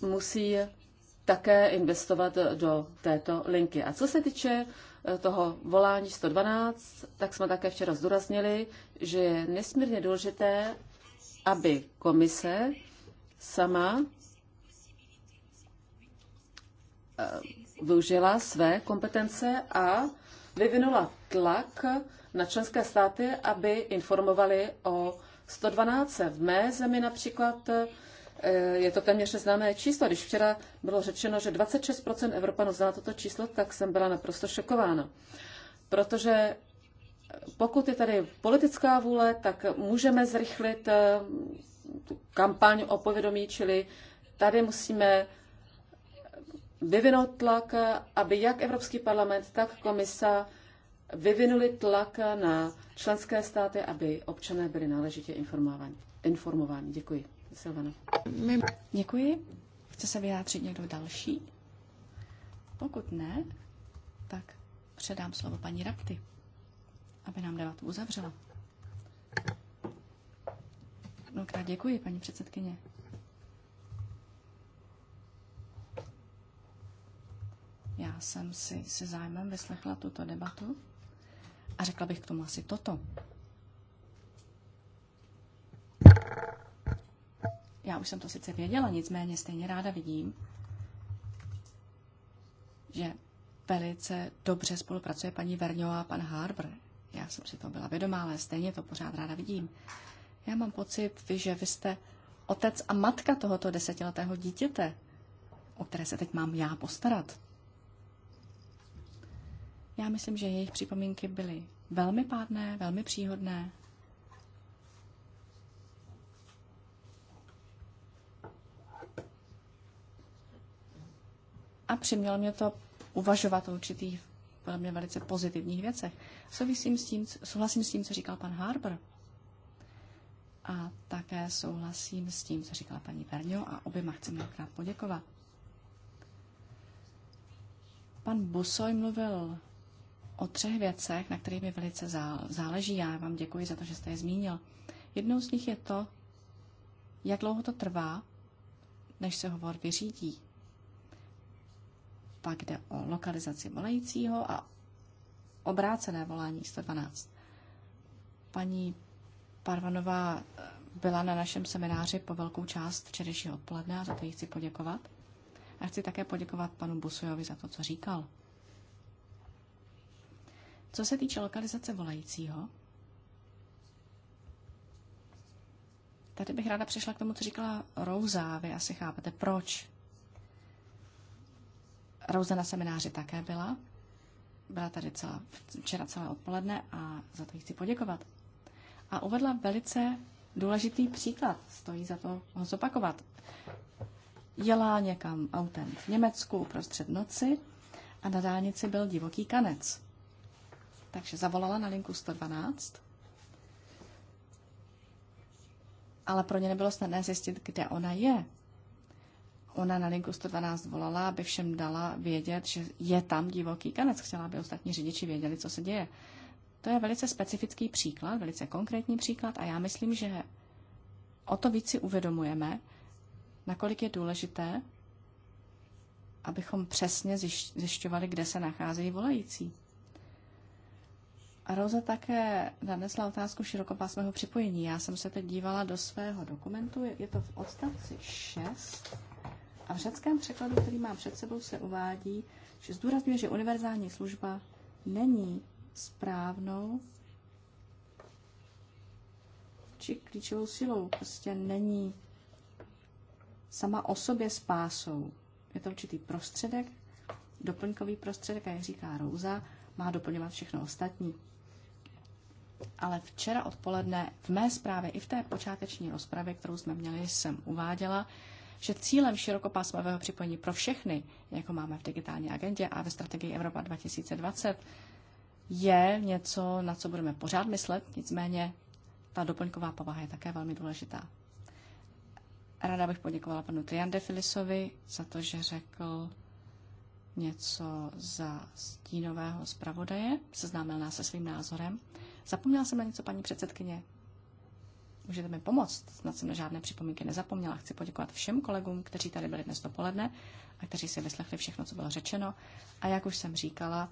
C: musí také investovat do této linky. A co se týče Eh, toho volání 112, tak jsme také včera zdůraznili, že je nesmírně důležité, aby komise sama eh, využila své kompetence a vyvinula tlak na členské státy, aby informovali o 112. V mé zemi například eh, je to téměř neznámé číslo. Když včera bylo řečeno, že 26% Evropanů zná toto číslo, tak jsem byla naprosto šokována. Protože pokud je tady politická vůle, tak můžeme zrychlit eh, tu kampaň o povědomí, čili tady musíme vyvinout tlak, aby jak Evropský parlament, tak komisa vyvinuli tlak na členské státy, aby občané
A: byli náležitě informováni. informováni. Děkuji. Silvana. Děkuji. Chce se vyjádřit někdo další? Pokud ne, tak předám slovo paní Rapty, aby nám debatu uzavřela. Mnohokrát děkuji, paní předsedkyně. Já jsem si se zájmem vyslechla tuto debatu a řekla bych k tomu asi toto. Já už jsem to sice věděla, nicméně stejně ráda vidím, že velice dobře spolupracuje paní Verňo a pan Harbour. Já jsem si to byla vědomá, ale stejně to pořád ráda vidím. Já mám pocit, že vy jste otec a matka tohoto desetiletého dítěte, o které se teď mám já postarat. Já myslím, že jejich připomínky byly velmi pádné, velmi příhodné. přimělo mě to uvažovat o určitých podle mě velice pozitivních věcech. Souvisím s tím, souhlasím s tím, co říkal pan Harbour. A také souhlasím s tím, co říkala paní Verňo a oběma chci mnohokrát poděkovat. Pan Busoj mluvil o třech věcech, na kterých mi velice záleží. Já vám děkuji za to, že jste je zmínil. Jednou z nich je to, jak dlouho to trvá, než se hovor vyřídí, pak jde o lokalizaci volajícího a obrácené volání 112. Paní Parvanová eh, byla na našem semináři po velkou část včerejšího odpoledne a za to jí chci poděkovat. A chci také poděkovat panu Busujovi za to, co říkal. Co se týče lokalizace volajícího, tady bych ráda přišla k tomu, co říkala Rouza. Vy asi chápete, proč Rouze na semináři také byla. Byla tady celá, včera celé odpoledne a za to jí chci poděkovat. A uvedla velice důležitý příklad. Stojí za to ho zopakovat. Jela někam autem v Německu uprostřed noci a na dálnici byl divoký kanec. Takže zavolala na linku 112, ale pro ně nebylo snadné zjistit, kde ona je, Ona na linku 112 volala, aby všem dala vědět, že je tam divoký kanec. Chtěla, aby ostatní řidiči věděli, co se děje. To je velice specifický příklad, velice konkrétní příklad a já myslím, že o to víc si uvědomujeme, nakolik je důležité, abychom přesně zjišťovali, kde se nacházejí volající. A Roza také nadnesla otázku širokopásmého připojení. Já jsem se teď dívala do svého dokumentu, je to v odstavci 6 a v řeckém překladu, který mám před sebou, se uvádí, že zdůrazňuje, že univerzální služba není správnou či klíčovou silou. Prostě není sama o sobě spásou. Je to určitý prostředek, doplňkový prostředek, a jak říká Rouza, má doplňovat všechno ostatní. Ale včera odpoledne v mé zprávě i v té počáteční rozpravě, kterou jsme měli, jsem uváděla, že cílem širokopásmového připojení pro všechny, jako máme v digitální agendě a ve strategii Evropa 2020, je něco, na co budeme pořád myslet, nicméně ta doplňková povaha je také velmi důležitá. Ráda bych poděkovala panu Filisovi za to, že řekl něco za stínového zpravodaje, seznámil nás se svým názorem. Zapomněla jsem na něco, paní předsedkyně. Můžete mi pomoct, snad jsem na žádné připomínky nezapomněla. Chci poděkovat všem kolegům, kteří tady byli dnes dopoledne a kteří si vyslechli všechno, co bylo řečeno. A jak už jsem říkala,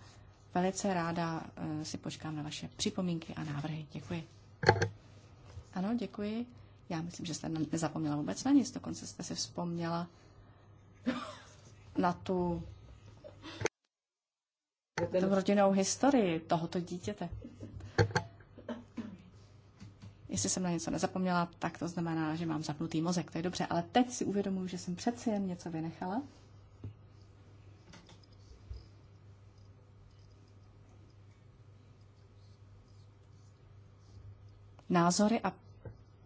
A: velice ráda eh, si počkám na vaše připomínky a návrhy. Děkuji. Ano, děkuji. Já myslím, že jste nezapomněla vůbec na nic, dokonce jste si vzpomněla na tu, rodinnou historii tohoto dítěte. Jestli jsem na něco nezapomněla, tak to znamená, že mám zapnutý mozek. To je dobře, ale teď si uvědomuji, že jsem přeci jen něco vynechala. Názory a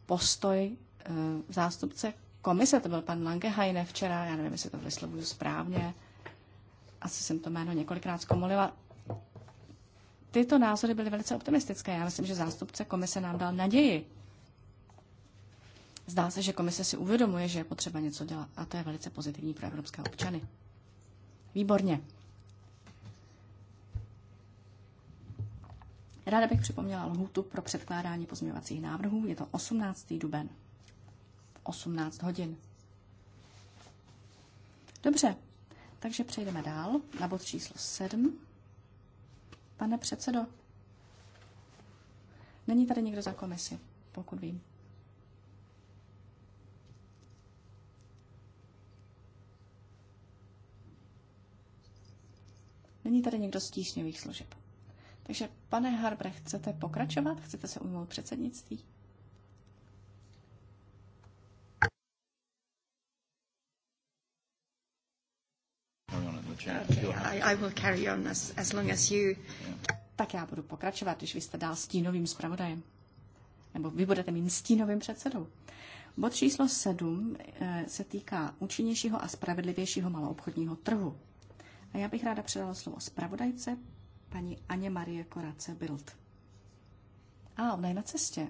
A: postoj eh, zástupce komise, to byl pan Langehajne včera, já nevím, jestli to vyslovuju správně, asi jsem to jméno několikrát zkomolila, tyto názory byly velice optimistické. Já myslím, že zástupce komise nám dal naději. Zdá se, že komise si uvědomuje, že je potřeba něco dělat a to je velice pozitivní pro evropské občany. Výborně. Ráda bych připomněla lhůtu pro předkládání pozměňovacích návrhů. Je to 18. duben. 18 hodin. Dobře, takže přejdeme dál na bod číslo 7. Pane předsedo, není tady nikdo za komisi, pokud vím. Není tady někdo z tísňových služeb. Takže, pane Harbre, chcete pokračovat? Chcete se ujmout předsednictví? Tak já budu pokračovat, když vy jste dál stínovým zpravodajem. Nebo vy budete mým stínovým předsedou. Bod číslo 7 eh, se týká účinnějšího a spravedlivějšího maloobchodního trhu. A já bych ráda předala slovo zpravodajce, paní Aně Marie Korace Bild. A ona je na cestě.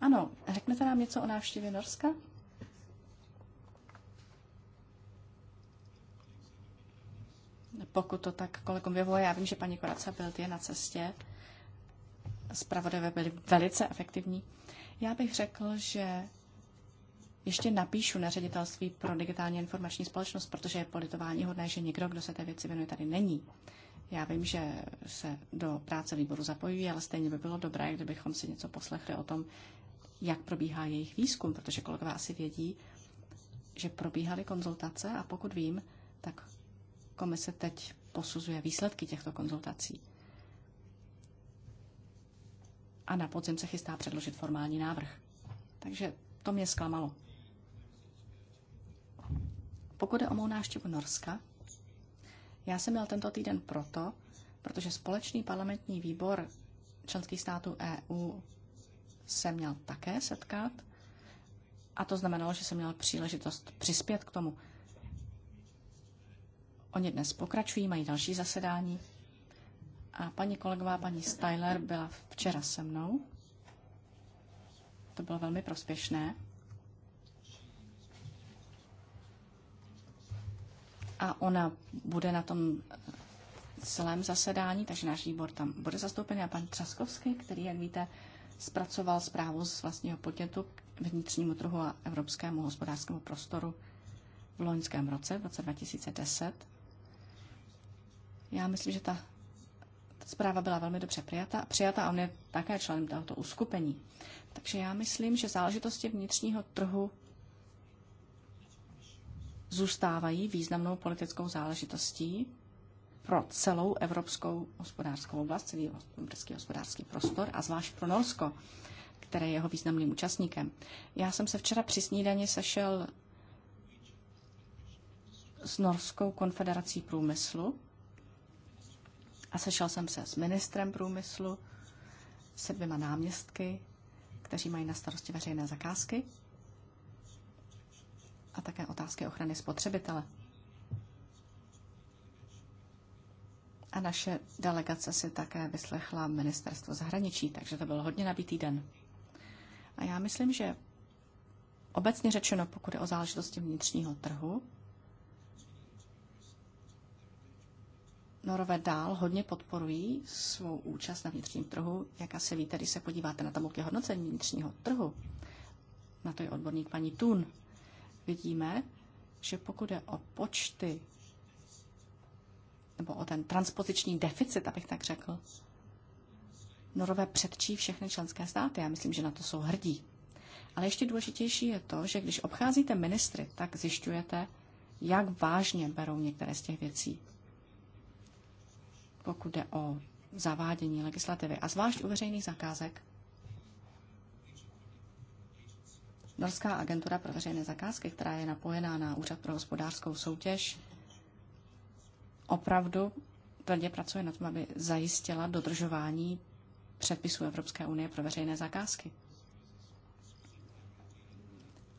A: Ano, řeknete nám něco o návštěvě Norska? pokud to tak kolegům vyhovuje. Já vím, že paní Koraca byl je na cestě. Spravodajové byly velice efektivní. Já bych řekl, že ještě napíšu na ředitelství pro digitální informační společnost, protože je politování hodné, že někdo, kdo se té věci věnuje, tady není. Já vím, že se do práce výboru zapojují, ale stejně by bylo dobré, kdybychom si něco poslechli o tom, jak probíhá jejich výzkum, protože kolegové asi vědí, že probíhaly konzultace a pokud vím, tak Komise teď posuzuje výsledky těchto konzultací. A na podzim se chystá předložit formální návrh. Takže to mě zklamalo. Pokud je o mou návštěvu Norska, já jsem měl tento týden proto, protože společný parlamentní výbor členských států EU se měl také setkat a to znamenalo, že jsem měl příležitost přispět k tomu. Oni dnes pokračují, mají další zasedání. A paní kolegová, paní Styler, byla včera se mnou. To bylo velmi prospěšné. A ona bude na tom eh, celém zasedání, takže náš výbor tam bude zastoupen. A pan Třaskovský, který, jak víte, zpracoval zprávu z vlastního podnětu k vnitřnímu trhu a evropskému hospodářskému prostoru v loňském roce, v roce 2010. Já myslím, že ta, ta zpráva byla velmi dobře přijata, přijata a on je také členem tohoto uskupení. Takže já myslím, že záležitosti vnitřního trhu zůstávají významnou politickou záležitostí pro celou evropskou hospodářskou oblast, celý evropský hospodářský prostor a zvlášť pro Norsko, které je jeho významným účastníkem. Já jsem se včera při snídani sešel s Norskou konfederací průmyslu a sešel jsem se s ministrem průmyslu, se dvěma náměstky, kteří mají na starosti veřejné zakázky a také otázky ochrany spotřebitele. A naše delegace si také vyslechla ministerstvo zahraničí, takže to byl hodně nabitý den. A já myslím, že obecně řečeno, pokud je o záležitosti vnitřního trhu, Norové dál hodně podporují svou účast na vnitřním trhu. Jak asi víte, když se podíváte na tabulky hodnocení vnitřního trhu, na to je odborník paní Tun, vidíme, že pokud je o počty nebo o ten transpoziční deficit, abych tak řekl, Norové předčí všechny členské státy. Já myslím, že na to jsou hrdí. Ale ještě důležitější je to, že když obcházíte ministry, tak zjišťujete, jak vážně berou některé z těch věcí pokud jde o zavádění legislativy a zvlášť u veřejných zakázek. Norská agentura pro veřejné zakázky, která je napojená na Úřad pro hospodářskou soutěž, opravdu tvrdě pracuje na tom, aby zajistila dodržování předpisů Evropské unie pro veřejné zakázky.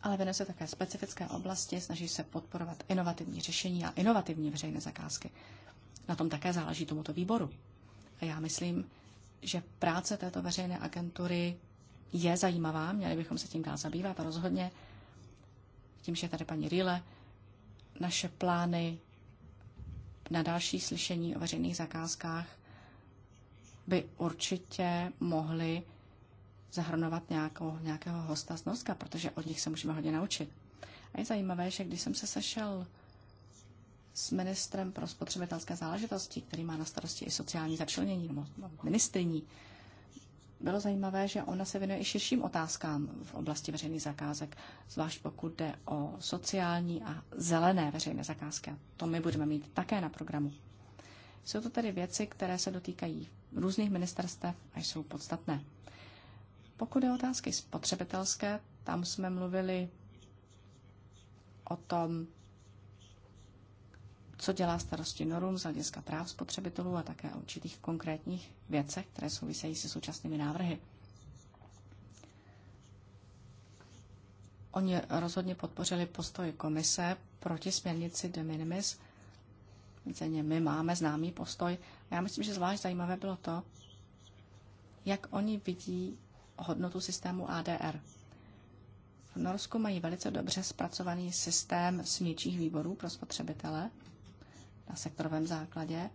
A: Ale věnuje se také specifické oblasti, snaží se podporovat inovativní řešení a inovativní veřejné zakázky. Na tom také záleží tomuto výboru. A já myslím, že práce této veřejné agentury je zajímavá, měli bychom se tím dál zabývat a rozhodně tím, že tady paní Rýle, naše plány na další slyšení o veřejných zakázkách by určitě mohly zahrnovat nějakou, nějakého hosta z Norska, protože od nich se můžeme hodně naučit. A je zajímavé, že když jsem se sešel s ministrem pro spotřebitelské záležitosti, který má na starosti i sociální začlenění, nebo ministriní, bylo zajímavé, že ona se věnuje i širším otázkám v oblasti veřejných zakázek, zvlášť pokud jde o sociální a zelené veřejné zakázky. A to my budeme mít také na programu. Jsou to tedy věci, které se dotýkají různých ministerstev a jsou podstatné. Pokud o otázky spotřebitelské, tam jsme mluvili o tom, co dělá starosti Norum z hlediska práv spotřebitelů a také o určitých konkrétních věcech, které souvisejí se současnými návrhy. Oni rozhodně podpořili postoj komise proti směrnici de minimis. Víceně my máme známý postoj. Já myslím, že zvlášť zajímavé bylo to, jak oni vidí hodnotu systému ADR. V Norsku mají velice dobře zpracovaný systém smírčích výborů pro spotřebitele, na sektorovém základě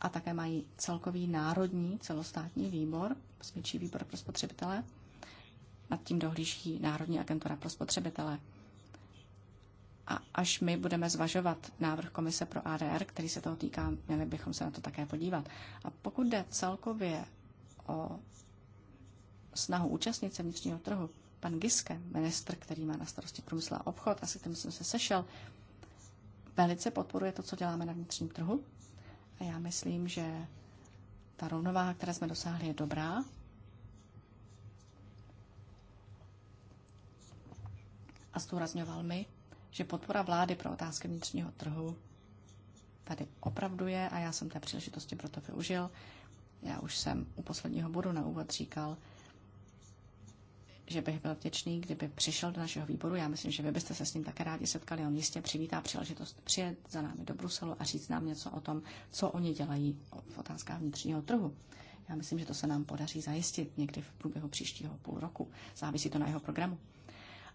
A: a také mají celkový národní celostátní výbor, smětší výbor pro spotřebitele. Nad tím dohlíží Národní agentura pro spotřebitele. A až my budeme zvažovat návrh komise pro ADR, který se toho týká, měli bychom se na to také podívat. A pokud jde celkově o snahu účastnit se vnitřního trhu, pan Giske, ministr, který má na starosti průmysl a obchod, asi tím jsem se sešel, velice podporuje to, co děláme na vnitřním trhu. A já myslím, že ta rovnováha, které jsme dosáhli, je dobrá. A zdůrazňoval mi, že podpora vlády pro otázky vnitřního trhu tady opravdu je a já jsem té příležitosti proto využil. Já už jsem u posledního bodu na úvod říkal, že bych byl vděčný, kdyby přišel do našeho výboru. Já myslím, že vy byste se s ním také rádi setkali. On jistě přivítá příležitost přijet za námi do Bruselu a říct nám něco o tom, co oni dělají v otázkách vnitřního trhu. Já myslím, že to se nám podaří zajistit někdy v průběhu příštího půl roku. Závisí to na jeho programu.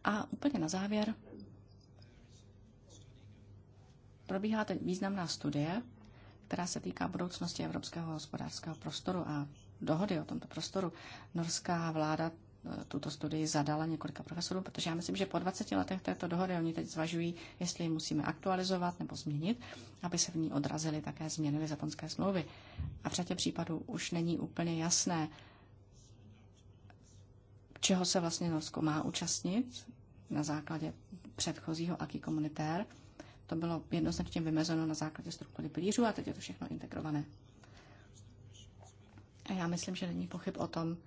A: A úplně na závěr. Probíhá teď významná studie, která se týká budoucnosti evropského hospodářského prostoru a dohody o tomto prostoru. Norská vláda tuto studii zadala několika profesorů, protože já myslím, že po 20 letech této dohody oni teď zvažují, jestli ji musíme aktualizovat nebo změnit, aby se v ní odrazily také změny Lizabonské smlouvy. A v řadě případů už není úplně jasné, čeho se vlastně Norsko má účastnit na základě předchozího aký komunitér. To bylo jednoznačně vymezeno na základě struktury pilířů a teď je to všechno integrované. A já myslím, že není pochyb o tom,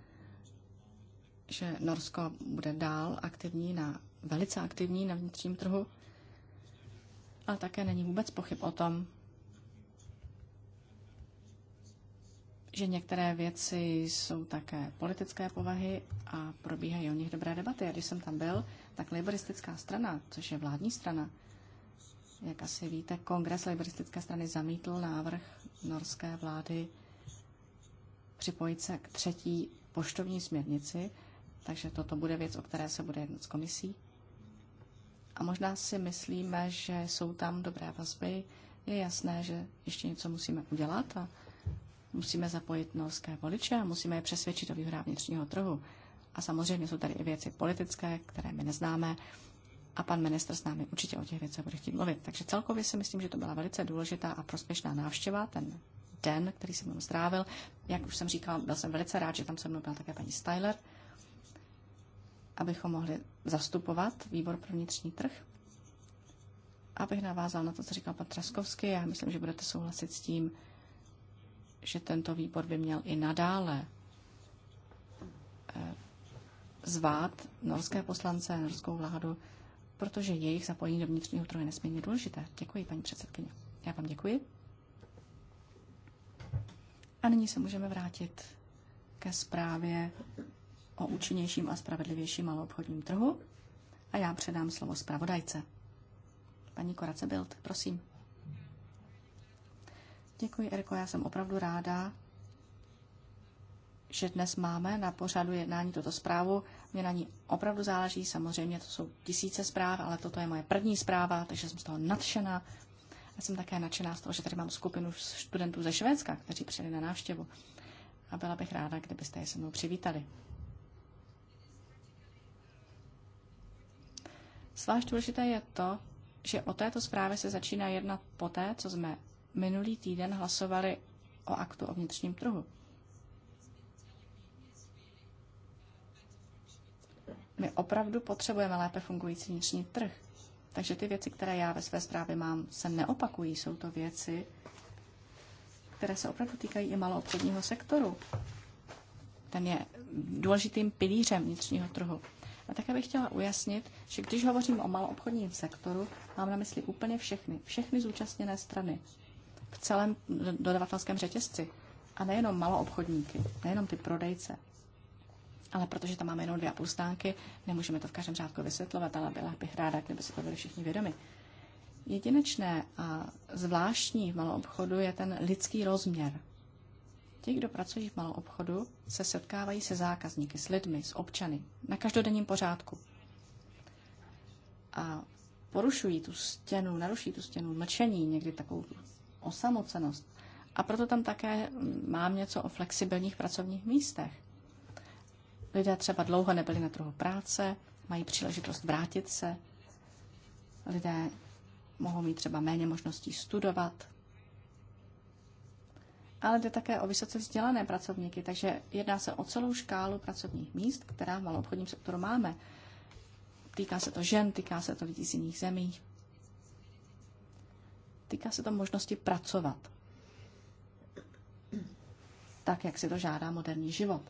A: že Norsko bude dál aktivní na, velice aktivní na vnitřním trhu, ale také není vůbec pochyb o tom, že některé věci jsou také politické povahy a probíhají o nich dobré debaty. A když jsem tam byl, tak liberistická strana, což je vládní strana, jak asi víte, kongres liberistické strany zamítl návrh norské vlády připojit se k třetí poštovní směrnici, takže toto bude věc, o které se bude jednat s komisí. A možná si myslíme, že jsou tam dobré vazby. Je jasné, že ještě něco musíme udělat a musíme zapojit norské voliče a musíme je přesvědčit o výhrách vnitřního trhu. A samozřejmě jsou tady i věci politické, které my neznáme. A pan ministr s námi určitě o těch věcech bude chtít mluvit. Takže celkově si myslím, že to byla velice důležitá a prospěšná návštěva, ten den, který jsem mnou strávil. Jak už jsem říkal, byl jsem velice rád, že tam se mnou byla také paní Styler abychom mohli zastupovat výbor pro vnitřní trh. Abych navázal na to, co říkal pan Traskovský, já myslím, že budete souhlasit s tím, že tento výbor by měl i nadále eh, zvát norské poslance, norskou vládu, protože jejich zapojení do vnitřního trhu je nesmírně důležité. Děkuji, paní předsedkyně. Já vám děkuji. A nyní se můžeme vrátit ke zprávě o účinnějším a spravedlivějším maloobchodním trhu a já předám slovo zpravodajce. Paní Korace Bild, prosím. Děkuji, Erko, já jsem opravdu ráda, že dnes máme na pořadu jednání tuto zprávu. Mě na ní opravdu záleží, samozřejmě to jsou tisíce zpráv, ale toto je moje první zpráva, takže jsem z toho nadšená. Já jsem také nadšená z toho, že tady mám skupinu studentů ze Švédska, kteří přijeli na návštěvu. A byla bych ráda, kdybyste je se mnou přivítali. Zvlášť důležité je to, že o této zprávě se začíná jednat poté, co jsme minulý týden hlasovali o aktu o vnitřním trhu. My opravdu potřebujeme lépe fungující vnitřní trh. Takže ty věci, které já ve své zprávě mám, se neopakují. Jsou to věci, které se opravdu týkají i maloobchodního sektoru. Ten je důležitým pilířem vnitřního trhu. A také bych chtěla ujasnit, že když hovořím o maloobchodním sektoru, mám na mysli úplně všechny, všechny zúčastněné strany v celém dodavatelském řetězci. A nejenom maloobchodníky, nejenom ty prodejce. Ale protože tam máme jenom dvě a půl stánky, nemůžeme to v každém řádku vysvětlovat, ale byla bych ráda, kdyby se to byli všichni vědomi. Jedinečné a zvláštní v maloobchodu je ten lidský rozměr. Ti, kdo pracují v malou obchodu, se setkávají se zákazníky, s lidmi, s občany, na každodenním pořádku. A porušují tu stěnu, naruší tu stěnu mlčení, někdy takovou osamocenost. A proto tam také mm, mám něco o flexibilních pracovních místech. Lidé třeba dlouho nebyli na trhu práce, mají příležitost vrátit se. Lidé mohou mít třeba méně možností studovat, ale jde také o vysoce vzdělané pracovníky, takže jedná se o celou škálu pracovních míst, která v obchodním sektoru máme. Týká se to žen, týká se to lidí z jiných zemí. Týká se to možnosti pracovat. Tak, jak si to žádá moderní život.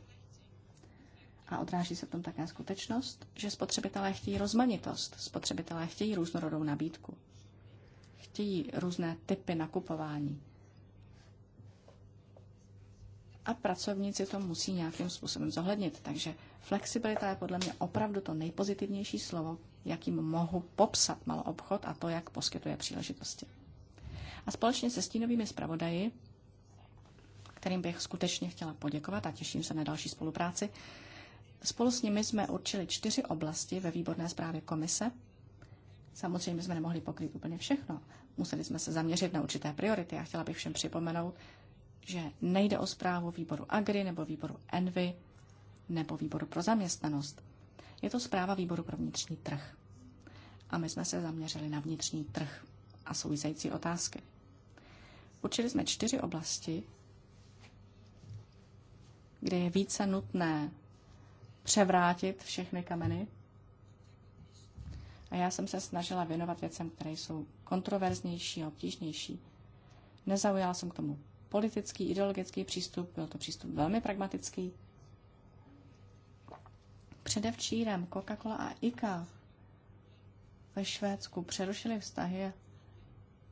A: A odráží se v tom také skutečnost, že spotřebitelé chtějí rozmanitost, spotřebitelé chtějí různorodou nabídku, chtějí různé typy nakupování a pracovníci to musí nějakým způsobem zohlednit. Takže flexibilita je podle mě opravdu to nejpozitivnější slovo, jakým mohu popsat malou obchod a to, jak poskytuje příležitosti. A společně se stínovými zpravodaji, kterým bych skutečně chtěla poděkovat a těším se na další spolupráci, spolu s nimi jsme určili čtyři oblasti ve výborné zprávě komise. Samozřejmě jsme nemohli pokrýt úplně všechno. Museli jsme se zaměřit na určité priority Já chtěla bych všem připomenout, že nejde o zprávu výboru Agri nebo výboru Envy nebo výboru pro zaměstnanost. Je to zpráva výboru pro vnitřní trh. A my jsme se zaměřili na vnitřní trh a související otázky. Učili jsme čtyři oblasti, kde je více nutné převrátit všechny kameny. A já jsem se snažila věnovat věcem, které jsou kontroverznější a obtížnější. Nezaujala jsem k tomu politický, ideologický přístup, byl to přístup velmi pragmatický. Předevčírem Coca-Cola a Ika ve Švédsku přerušili vztahy.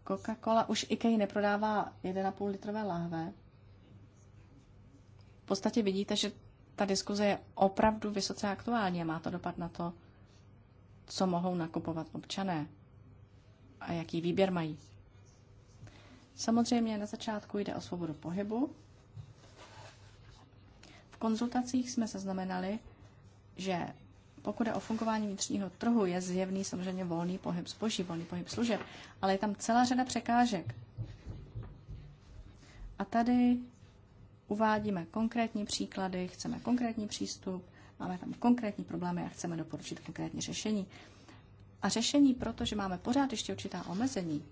A: Coca-Cola už IKEA neprodává 1,5 litrové láhve. V podstatě vidíte, že ta diskuze je opravdu vysoce aktuální a má to dopad na to, co mohou nakupovat občané a jaký výběr mají. Samozřejmě na začátku jde o svobodu pohybu. V konzultacích jsme zaznamenali, že pokud je o fungování vnitřního trhu, je zjevný samozřejmě volný pohyb zboží, volný pohyb služeb, ale je tam celá řada překážek. A tady uvádíme konkrétní příklady, chceme konkrétní přístup, máme tam konkrétní problémy a chceme doporučit konkrétní řešení. A řešení, protože máme pořád ještě určitá omezení,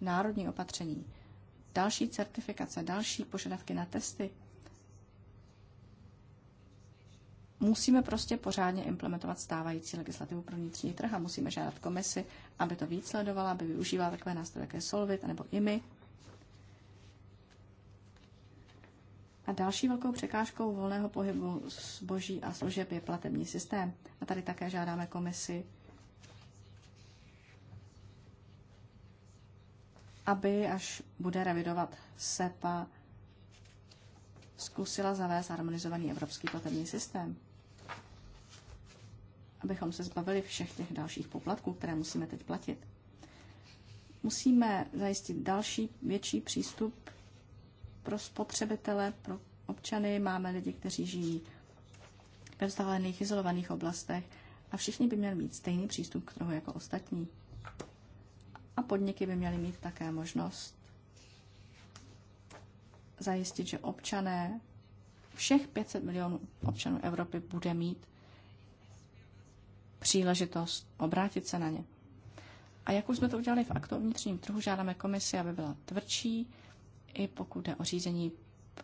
A: národní opatření, další certifikace, další požadavky na testy, musíme prostě pořádně implementovat stávající legislativu pro vnitřní trh a musíme žádat komisi, aby to víc sledovala, aby využívala takové nástroje, jako je Solvit, nebo IMI. A další velkou překážkou volného pohybu zboží a služeb je platební systém. A tady také žádáme komisi, aby až bude revidovat SEPA, zkusila zavést harmonizovaný evropský platební systém. Abychom se zbavili všech těch dalších poplatků, které musíme teď platit. Musíme zajistit další větší přístup pro spotřebitele, pro občany. Máme lidi, kteří žijí ve vzdálených, izolovaných oblastech a všichni by měli mít stejný přístup k trhu jako ostatní. A podniky by měly mít také možnost zajistit, že občané, všech 500 milionů občanů Evropy bude mít příležitost obrátit se na ně. A jak už jsme to udělali v aktu o vnitřním trhu, žádáme komisi, aby byla tvrdší, i pokud jde o řízení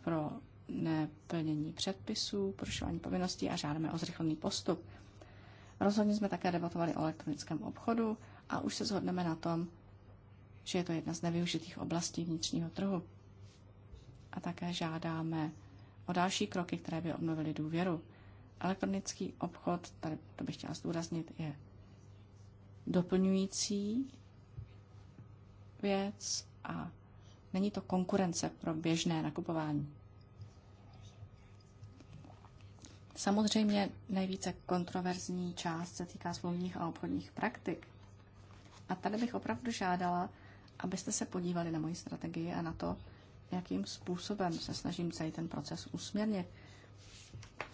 A: pro neplnění předpisů, porušování povinností a žádáme o zrychlený postup. Rozhodně jsme také debatovali o elektronickém obchodu a už se zhodneme na tom, že je to jedna z nevyužitých oblastí vnitřního trhu. A také žádáme o další kroky, které by obnovily důvěru. Elektronický obchod, tady to bych chtěla zdůraznit, je doplňující věc a není to konkurence pro běžné nakupování. Samozřejmě nejvíce kontroverzní část se týká smluvních a obchodních praktik. A tady bych opravdu žádala, abyste se podívali na moji strategii a na to, jakým způsobem se snažím celý ten proces usměrnit.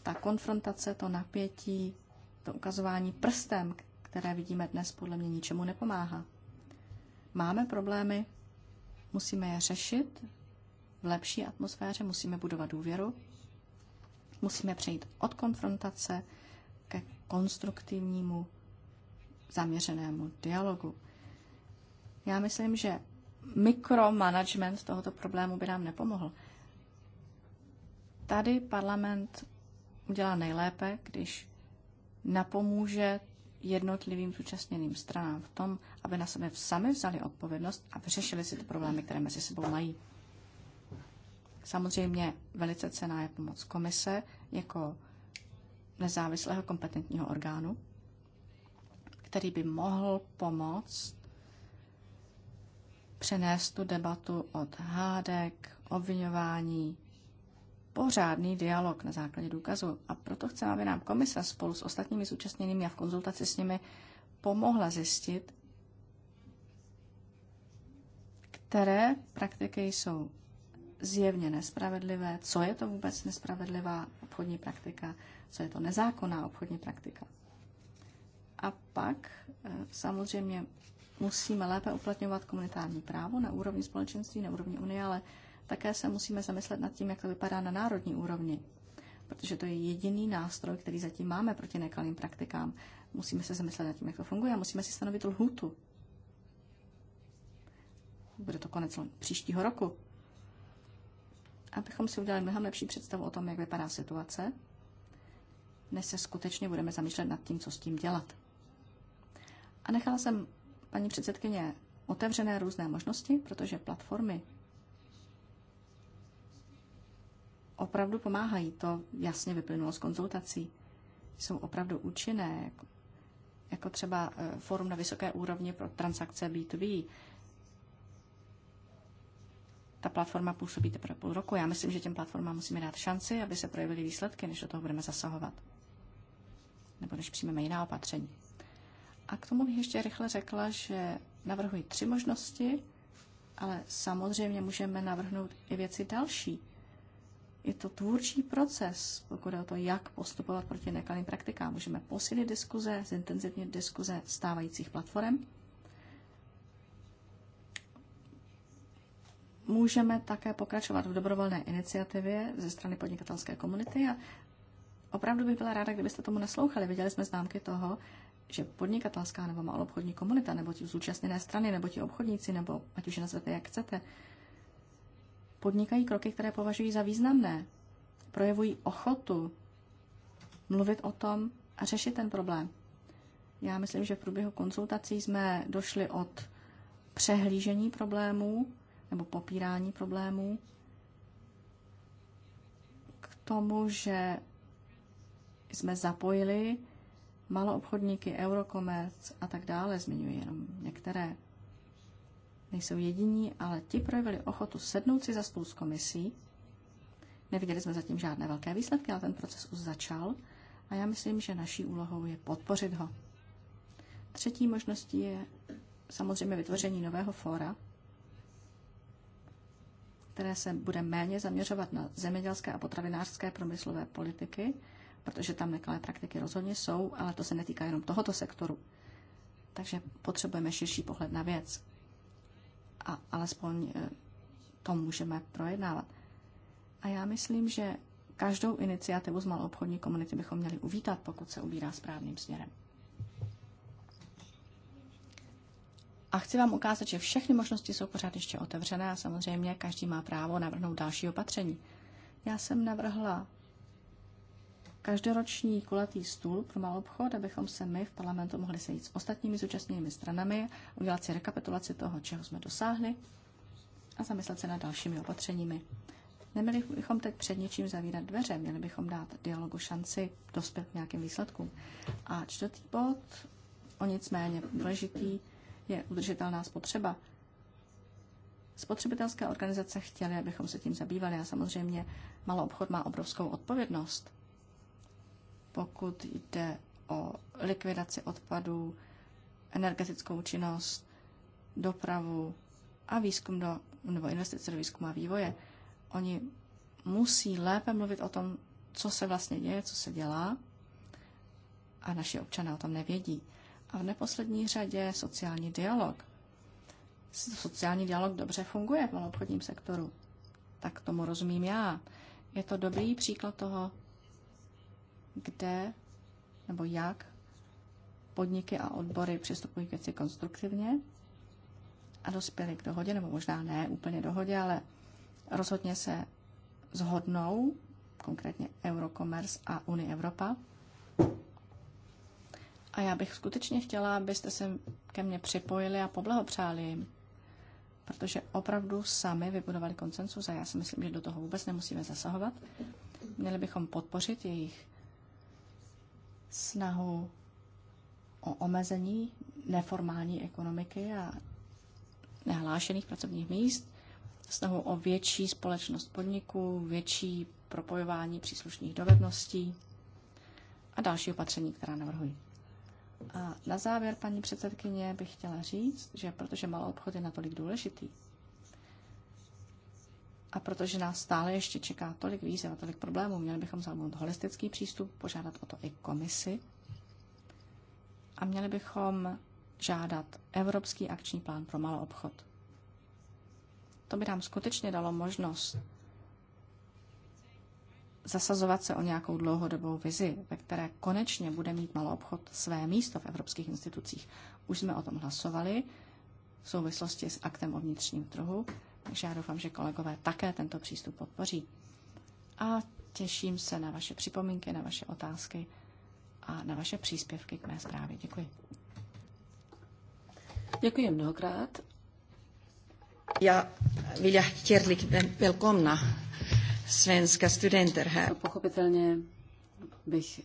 A: Ta konfrontace, to napětí, to ukazování prstem, které vidíme dnes, podle mě ničemu nepomáhá. Máme problémy, musíme je řešit v lepší atmosféře, musíme budovat důvěru, musíme přejít od konfrontace ke konstruktivnímu zaměřenému dialogu. Já myslím, že mikromanagement tohoto problému by nám nepomohl. Tady parlament udělá nejlépe, když napomůže jednotlivým zúčastněným stranám v tom, aby na sebe sami vzali odpovědnost a vyřešili si ty problémy, které mezi sebou mají. Samozřejmě velice cená je pomoc komise jako nezávislého kompetentního orgánu, který by mohl pomoct přenést tu debatu od hádek, obvinování, pořádný dialog na základě důkazu. A proto chceme, aby nám komise spolu s ostatními zúčastněnými a v konzultaci s nimi pomohla zjistit, které praktiky jsou zjevně nespravedlivé, co je to vůbec nespravedlivá obchodní praktika, co je to nezákonná obchodní praktika. A pak eh, samozřejmě musíme lépe uplatňovat komunitární právo na úrovni společenství, na úrovni Unie, ale také se musíme zamyslet nad tím, jak to vypadá na národní úrovni, protože to je jediný nástroj, který zatím máme proti nekalým praktikám. Musíme se zamyslet nad tím, jak to funguje a musíme si stanovit lhůtu. Bude to konec příštího roku. Abychom si udělali mnohem lepší představu o tom, jak vypadá situace, než se skutečně budeme zamýšlet nad tím, co s tím dělat. A nechala jsem paní předsedkyně, otevřené různé možnosti, protože platformy opravdu pomáhají. To jasně vyplynulo z konzultací. Jsou opravdu účinné, jako, jako třeba eh, forum na vysoké úrovni pro transakce B2B. Ta platforma působí teprve půl roku. Já myslím, že těm platformám musíme dát šanci, aby se projevily výsledky, než do toho budeme zasahovat. Nebo než přijmeme jiná opatření. A k tomu bych ještě rychle řekla, že navrhuji tři možnosti, ale samozřejmě můžeme navrhnout i věci další. Je to tvůrčí proces, pokud je o to, jak postupovat proti nekalým praktikám. Můžeme posílit diskuze, zintenzivnit diskuze stávajících platform. Můžeme také pokračovat v dobrovolné iniciativě ze strany podnikatelské komunity a opravdu bych byla ráda, kdybyste tomu naslouchali. Viděli jsme známky toho, že podnikatelská nebo obchodní komunita, nebo ti zúčastněné strany, nebo ti obchodníci, nebo ať už je nazvete jak chcete, podnikají kroky, které považují za významné, projevují ochotu mluvit o tom a řešit ten problém. Já myslím, že v průběhu konzultací jsme došli od přehlížení problémů nebo popírání problémů k tomu, že jsme zapojili maloobchodníky, eurokomerc a tak dále, zmiňuji jenom některé. Nejsou jediní, ale ti projevili ochotu sednout si za spolu s komisí. Neviděli jsme zatím žádné velké výsledky, ale ten proces už začal a já myslím, že naší úlohou je podpořit ho. Třetí možností je samozřejmě vytvoření nového fóra, které se bude méně zaměřovat na zemědělské a potravinářské promyslové politiky, protože tam nekalé praktiky rozhodně jsou, ale to se netýká jenom tohoto sektoru. Takže potřebujeme širší pohled na věc. A alespoň e, to můžeme projednávat. A já myslím, že každou iniciativu z maloobchodní komunity bychom měli uvítat, pokud se ubírá správným směrem. A chci vám ukázat, že všechny možnosti jsou pořád ještě otevřené a samozřejmě každý má právo navrhnout další opatření. Já jsem navrhla každoroční kulatý stůl pro malou obchod, abychom se my v parlamentu mohli sejít s ostatními zúčastněnými stranami, udělat si rekapitulaci toho, čeho jsme dosáhli a zamyslet se nad dalšími opatřeními. Neměli bychom teď před něčím zavírat dveře, měli bychom dát dialogu šanci dospět k nějakým výsledkům. A čtvrtý bod, o nic méně důležitý, je udržitelná spotřeba. Spotřebitelské organizace chtěly, abychom se tím zabývali a samozřejmě malou obchod má obrovskou odpovědnost pokud jde o likvidaci odpadů, energetickou činnost, dopravu a výzkum do, nebo investice do výzkumu a vývoje. Oni musí lépe mluvit o tom, co se vlastně děje, co se dělá a naši občané o tom nevědí. A v neposlední řadě sociální dialog. Sociální dialog dobře funguje v obchodním sektoru. Tak tomu rozumím já. Je to dobrý příklad toho, kde nebo jak podniky a odbory přistupují k věci konstruktivně a dospěli k dohodě, nebo možná ne úplně dohodě, ale rozhodně se zhodnou, konkrétně Eurocommerce a Unie Evropa. A já bych skutečně chtěla, abyste se ke mně připojili a poblahopřáli jim, protože opravdu sami vybudovali koncensus a já si myslím, že do toho vůbec nemusíme zasahovat. Měli bychom podpořit jejich snahu o omezení neformální ekonomiky a nehlášených pracovních míst, snahu o větší společnost podniků, větší propojování příslušných dovedností a další opatření, která navrhují. A na závěr, paní předsedkyně, bych chtěla říct, že protože malou obchod je natolik důležitý, a protože nás stále ještě čeká tolik výzev a tolik problémů, měli bychom zaujmout holistický přístup, požádat o to i komisi a měli bychom žádat Evropský akční plán pro malou obchod. To by nám skutečně dalo možnost zasazovat se o nějakou dlouhodobou vizi, ve které konečně bude mít malou obchod své místo v evropských institucích. Už jsme o tom hlasovali v souvislosti s aktem o vnitřním trhu takže já doufám, že kolegové také tento přístup podpoří. A těším se na vaše připomínky, na vaše otázky a na vaše příspěvky k mé zprávě. Děkuji. Děkuji mnohokrát. Já vilja hjärtligt velkomna svenska studenter her.
C: Pochopitelně bych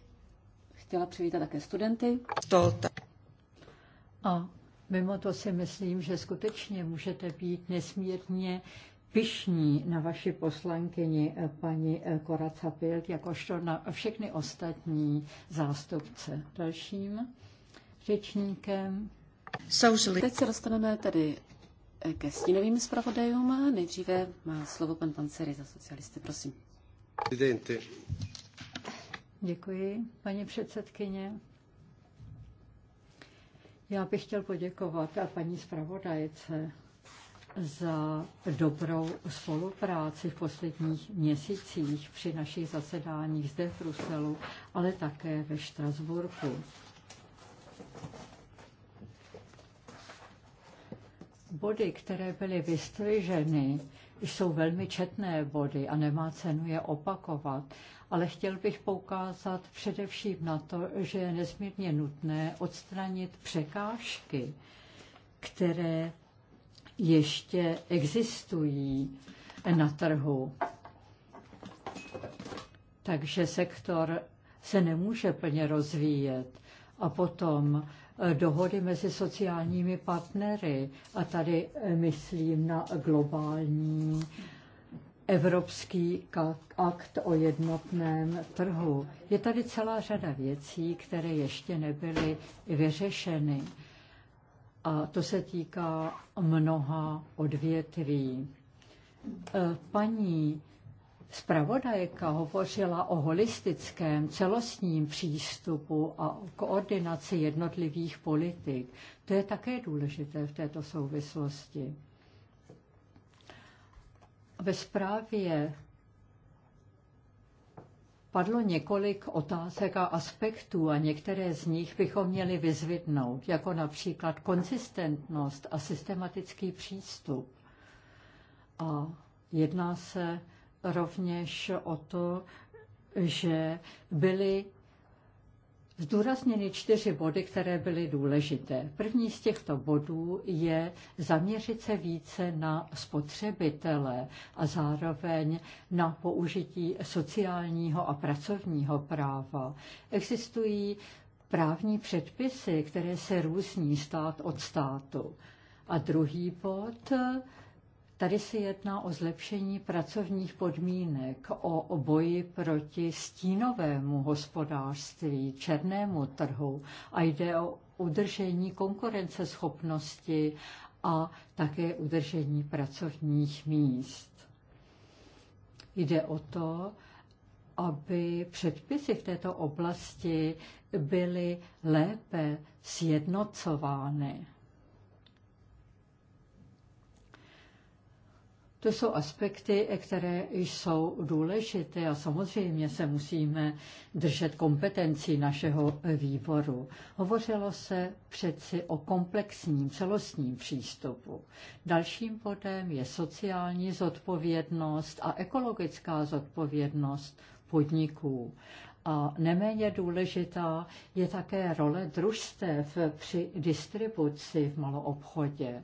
C: chtěla přivítat také studenty.
A: To,
B: A Mimo to si myslím, že skutečně můžete být nesmírně pišní na vaši poslankyni, eh, paní eh, Koraca Pilt, jakožto na všechny ostatní zástupce. Dalším řečníkem. Soužili. Teď se dostaneme tedy eh, ke stínovým
C: zpravodajům. Nejdříve má slovo pan Panceri za socialisty, prosím.
B: Děkuji, paní předsedkyně. Já bych chtěl poděkovat a paní zpravodajce za dobrou spolupráci v posledních měsících při našich zasedáních zde v Bruselu, ale také ve Štrasburku. Body, které byly vystryženy, jsou velmi četné body a nemá cenu je opakovat ale chtěl bych poukázat především na to, že je nezmírně nutné odstranit překážky, které ještě existují na trhu. Takže sektor se nemůže plně rozvíjet. A potom eh, dohody mezi sociálními partnery, a tady eh, myslím na globální Evropský akt o jednotném trhu. Je tady celá řada věcí, které ještě nebyly vyřešeny. A to se týká mnoha odvětví. E, paní zpravodajka hovořila o holistickém celostním přístupu a o koordinaci jednotlivých politik. To je také důležité v této souvislosti. Ve zprávě padlo několik otázek a aspektů a některé z nich bychom měli vyzvidnout, jako například konzistentnost a systematický přístup. A jedná se rovněž o to, že byly zdůrazněny čtyři body, které byly důležité. První z těchto bodů je zaměřit se více na spotřebitele a zároveň na použití sociálního a pracovního práva. Existují právní předpisy, které se různí stát od státu. A druhý bod Tady se jedná o zlepšení pracovních podmínek, o boji proti stínovému hospodářství, černému trhu a jde o udržení konkurenceschopnosti a také udržení pracovních míst. Jde o to, aby předpisy v této oblasti byly lépe sjednocovány. To jsou aspekty, které jsou důležité a samozřejmě se musíme držet kompetencí našeho výboru. Hovořilo se přeci o komplexním celostním přístupu. Dalším bodem je sociální zodpovědnost a ekologická zodpovědnost podniků. A neméně důležitá je také role družstev při distribuci v maloobchodě. obchodě.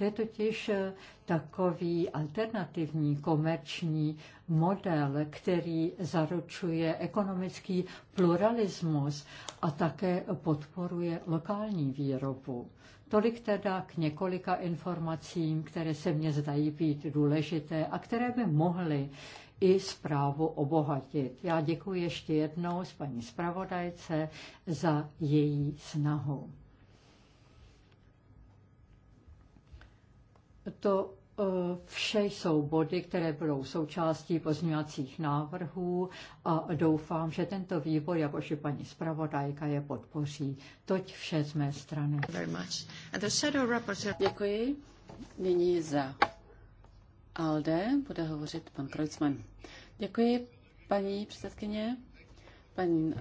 B: To je totiž eh, takový alternativní komerční model, který zaručuje ekonomický pluralismus a také podporuje lokální výrobu. Tolik teda k několika informacím, které se mně zdají být důležité a které by mohly i zprávu obohatit. Já děkuji ještě jednou s paní zpravodajce za její snahu. To e, Vše jsou body, které budou součástí pozměňovacích návrhů a doufám, že tento výbor, jakož i paní zpravodajka, je podpoří. Toť vše z mé strany. Děkuji. Nyní za
C: ALDE bude hovořit pan Kreuzmann. Děkuji, paní předsedkyně. Pan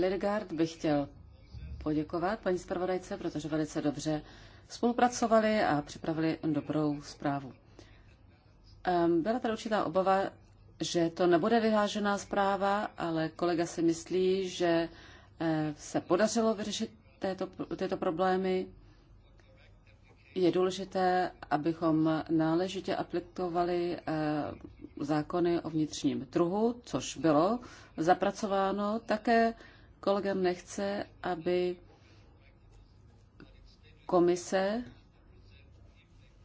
C: Lidgard bych chtěl poděkovat paní zpravodajce, protože velice dobře spolupracovali a připravili dobrou zprávu. Byla tady určitá obava, že to nebude vyvážená zpráva, ale kolega si myslí, že eh, se podařilo vyřešit této, tyto problémy. Je důležité, abychom náležitě aplikovali eh, zákony o vnitřním trhu, což bylo zapracováno. Také kolegem nechce, aby komise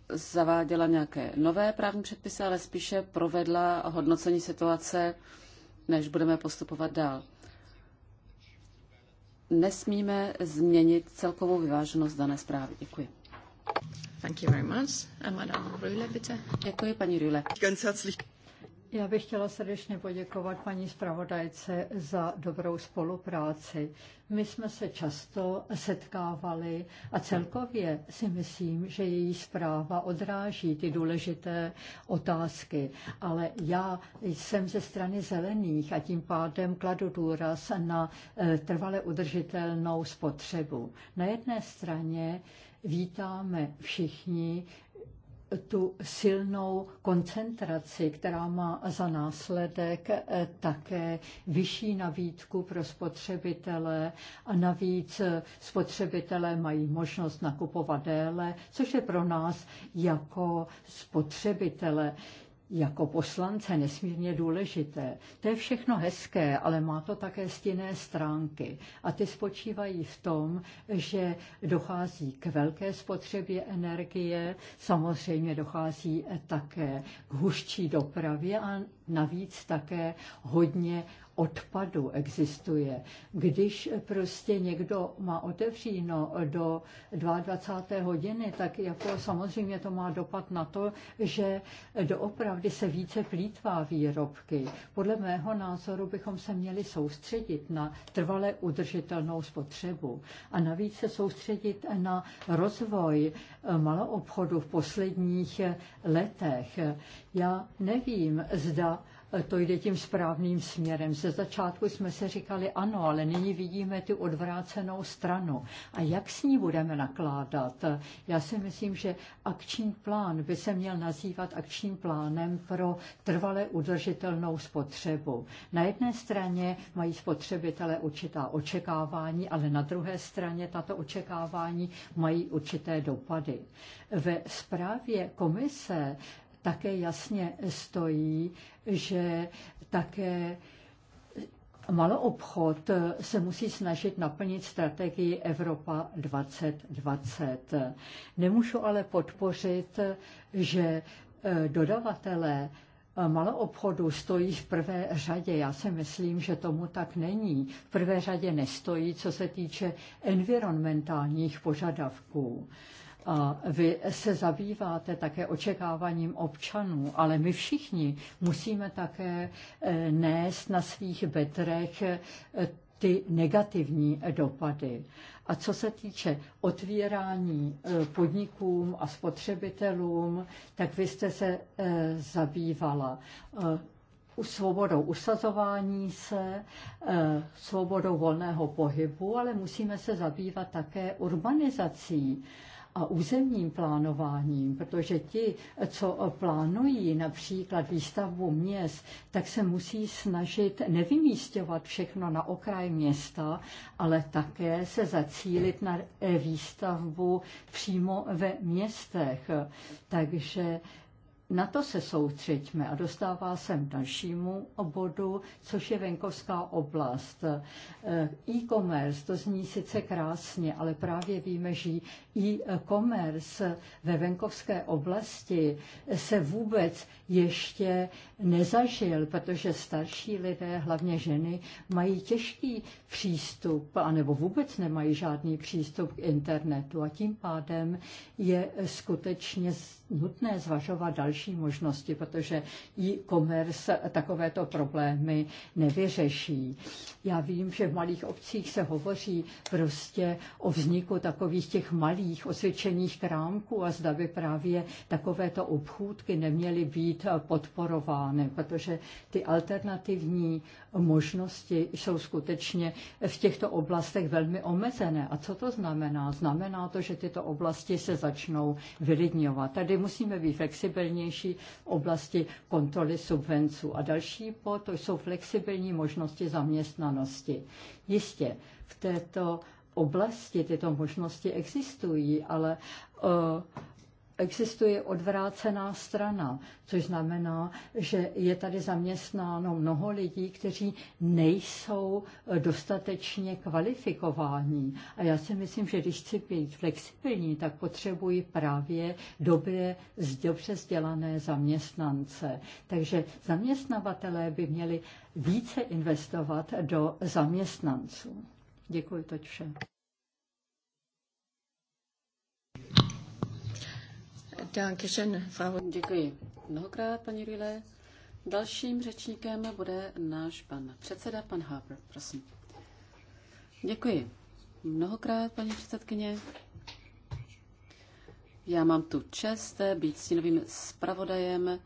C: zaváděla nějaké nové právní předpisy, ale spíše provedla hodnocení situace, než budeme postupovat dál. Nesmíme změnit celkovou vyváženost dané zprávy. Děkuji. Thank you very much.
B: A Madame Rühle, bitte. Děkuji, paní Rühle. Ganz herzlich. Já bych chtěla srdečně poděkovat paní zpravodajce za dobrou spolupráci. My jsme se často setkávali a celkově si myslím, že její zpráva odráží ty důležité otázky. Ale já jsem ze strany zelených a tím pádem kladu důraz na eh, trvale udržitelnou spotřebu. Na jedné straně vítáme všichni tu silnou koncentraci, která má za následek eh, také vyšší nabídku pro spotřebitele a navíc eh, spotřebitelé mají možnost nakupovat déle, což je pro nás jako spotřebitele jako poslance nesmírně důležité. To je všechno hezké, ale má to také stinné stránky. A ty spočívají v tom, že dochází k velké spotřebě energie, samozřejmě dochází také k huští dopravě a navíc také hodně odpadu existuje. Když prostě někdo má otevříno do 22. hodiny, tak jako samozřejmě to má dopad na to, že doopravdy se více plítvá výrobky. Podle mého názoru bychom se měli soustředit na trvale udržitelnou spotřebu a navíc se soustředit na rozvoj eh, maloobchodu v posledních eh, letech. Já nevím, zda Eh, to jde tím správným směrem. Ze začátku jsme se říkali ano, ale nyní vidíme tu odvrácenou stranu. A jak s ní budeme nakládat? Eh, já si myslím, že akční plán by se měl nazývat akčním plánem pro trvale udržitelnou spotřebu. Na jedné straně mají spotřebitelé určitá očekávání, ale na druhé straně tato očekávání mají určité dopady. Ve zprávě komise také jasně stojí, že také maloobchod se musí snažit naplnit strategii Evropa 2020. Nemůžu ale podpořit, že eh, dodavatelé eh, maloobchodu stojí v prvé řadě. Já si myslím, že tomu tak není. V prvé řadě nestojí, co se týče environmentálních požadavků. A vy se zabýváte také očekáváním občanů, ale my všichni musíme také eh, nést na svých betrech eh, ty negativní dopady. A co se týče otvírání eh, podnikům a spotřebitelům, tak vy jste se zabývala svobodou usazování se, svobodou volného pohybu, ale musíme se zabývat také urbanizací a územním plánováním, protože ti, co plánují například výstavbu měst, tak se musí snažit nevymístěvat všechno na okraj města, ale také se zacílit na eh, výstavbu přímo ve městech. Takže na to se soustřeďme a dostává se k dalšímu obodu, což je venkovská oblast. Eh, e-commerce, to zní sice krásně, ale právě víme, že e-commerce ve venkovské oblasti se vůbec ještě nezažil, protože starší lidé, hlavně ženy, mají těžký přístup, anebo vůbec nemají žádný přístup k internetu a tím pádem je skutečně nutné zvažovat další možnosti, protože e-commerce takovéto problémy nevyřeší. Já vím, že v malých obcích se hovoří prostě o vzniku takových těch malých osvědčených krámků a zda by právě takovéto obchůdky neměly být podporovány, protože ty alternativní možnosti jsou skutečně v těchto oblastech velmi omezené. A co to znamená? Znamená to, že tyto oblasti se začnou vylidňovat. Tady musíme být flexibilnější v oblasti kontroly subvenců. A další po to jsou flexibilní možnosti zaměstnanosti. Jistě, v této oblasti tyto možnosti existují, ale eh, existuje odvrácená strana, což znamená, že je tady zaměstnáno mnoho lidí, kteří nejsou eh, dostatečně kvalifikováni. A já si myslím, že když chci být flexibilní, tak potřebuji právě dobré, dobře vzdělané zaměstnance. Takže zaměstnavatelé by měli více investovat do zaměstnanců. Děkuji, toť vše. Děkuji
C: mnohokrát, paní Rile. Dalším řečníkem bude náš pan předseda, pan Harper, prosím. Děkuji mnohokrát, paní předsedkyně. Já mám tu čest být stínovým zpravodajem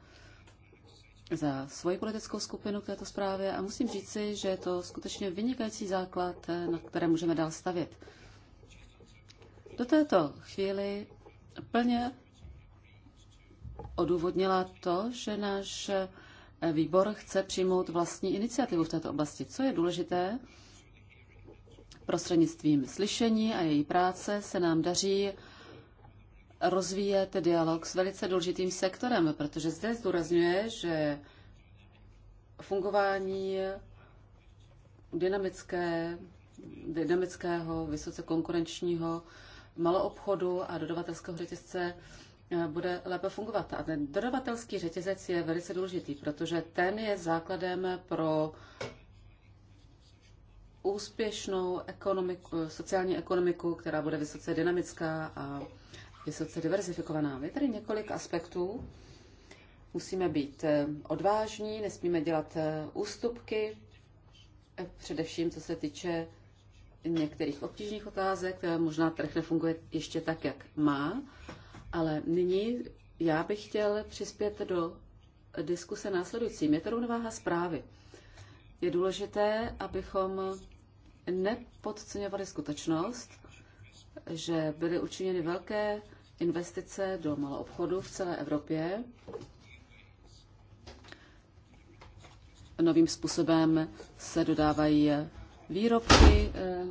C: za svoji politickou skupinu k této zprávě a musím říci, že je to skutečně vynikající základ, na které můžeme dál stavět. Do této chvíli plně odůvodnila to, že náš eh, výbor chce přijmout vlastní iniciativu v této oblasti. Co je důležité, prostřednictvím slyšení a její práce se nám daří rozvíjet dialog s velice důležitým sektorem, protože zde zdůrazňuje, že fungování dynamické, dynamického, vysoce konkurenčního maloobchodu a dodavatelského řetězce Eh, bude lépe fungovat. A ten dodavatelský řetězec je velice důležitý, protože ten je základem pro úspěšnou ekonomiku, sociální ekonomiku, která bude vysoce dynamická a vysoce diverzifikovaná. Je tady několik aspektů. Musíme být eh, odvážní, nesmíme dělat eh, ústupky, především co se týče některých obtížných otázek, možná trh nefunguje ještě tak, jak má. Ale nyní já bych chtěl přispět do diskuse následujícím. Je to rovnováha zprávy. Je důležité, abychom nepodceňovali skutečnost, že byly učiněny velké investice do maloobchodu v celé Evropě novým způsobem se dodávají výrobky eh,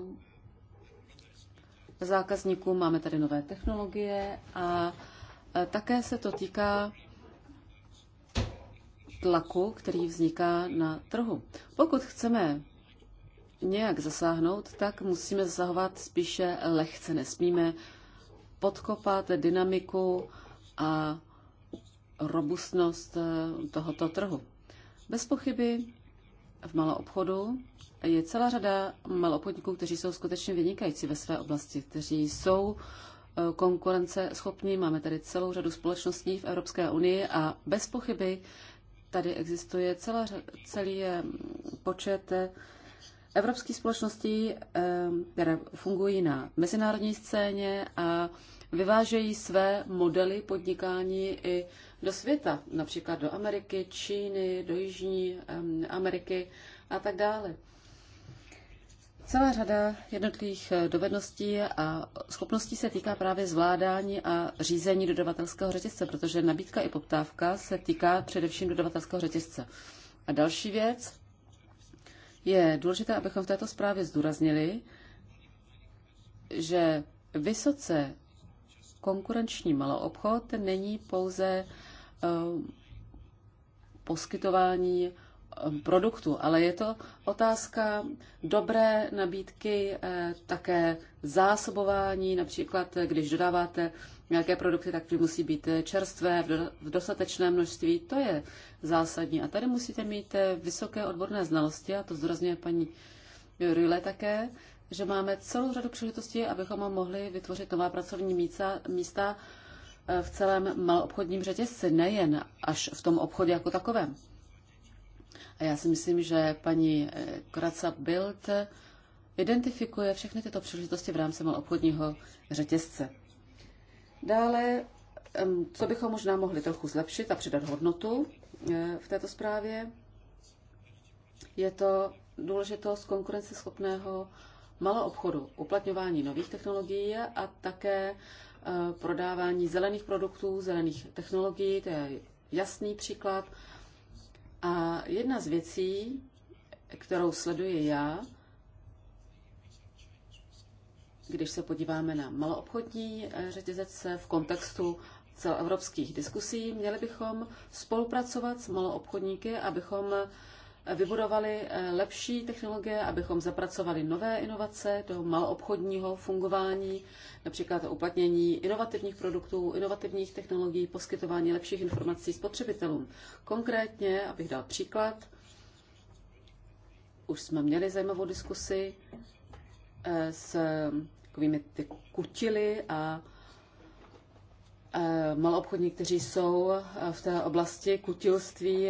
C: zákazníků, máme tady nové technologie a e, také se to týká tlaku, který vzniká na trhu. Pokud chceme nějak zasáhnout, tak musíme zasahovat spíše lehce. Nesmíme podkopat dynamiku a robustnost e, tohoto trhu. Bez pochyby v malou obchodu je celá řada malopodniků, kteří jsou skutečně vynikající ve své oblasti, kteří jsou eh, konkurenceschopní. Máme tady celou řadu společností v Evropské unii a bez pochyby tady existuje celá, celý eh, počet eh, evropských společností, které fungují na mezinárodní scéně a vyvážejí své modely podnikání i do světa, například do Ameriky, Číny, do Jižní Ameriky a tak dále. Celá řada jednotlivých eh, dovedností a schopností se týká právě zvládání a řízení dodavatelského řetězce, protože nabídka i poptávka se týká především dodavatelského řetězce. A další věc je důležité, abychom v této zprávě zdůraznili, že vysoce konkurenční maloobchod není pouze eh, poskytování produktu, ale je to otázka dobré nabídky, eh, také zásobování, například eh, když dodáváte nějaké produkty, tak ty musí být eh, čerstvé v dostatečné množství, to je zásadní. A tady musíte mít vysoké odborné znalosti, a to zdůrazňuje paní Rüle také, že máme celou řadu příležitostí, abychom mohli vytvořit nová pracovní místa, místa v celém malobchodním řetězci, nejen až v tom obchodě jako takovém. A já si myslím, že paní Koraca eh, Bild eh, identifikuje všechny tyto příležitosti v rámci obchodního řetězce. Dále, co bychom možná mohli trochu zlepšit a přidat hodnotu eh, v této zprávě, je to důležitost konkurenceschopného malou obchodu, uplatňování nových technologií a také prodávání zelených produktů, zelených technologií, to je jasný příklad. A jedna z věcí, kterou sleduji já, když se podíváme na maloobchodní eh, řetězec v kontextu celoevropských diskusí, měli bychom spolupracovat s maloobchodníky, abychom vybudovali eh, lepší technologie, abychom zapracovali nové inovace do maloobchodního fungování, například uplatnění inovativních produktů, inovativních technologií, poskytování lepších informací spotřebitelům. Konkrétně, abych dal příklad, už jsme měli zajímavou diskusi eh, s takovými ty kutily a eh, maloobchodní, kteří jsou v té oblasti kutilství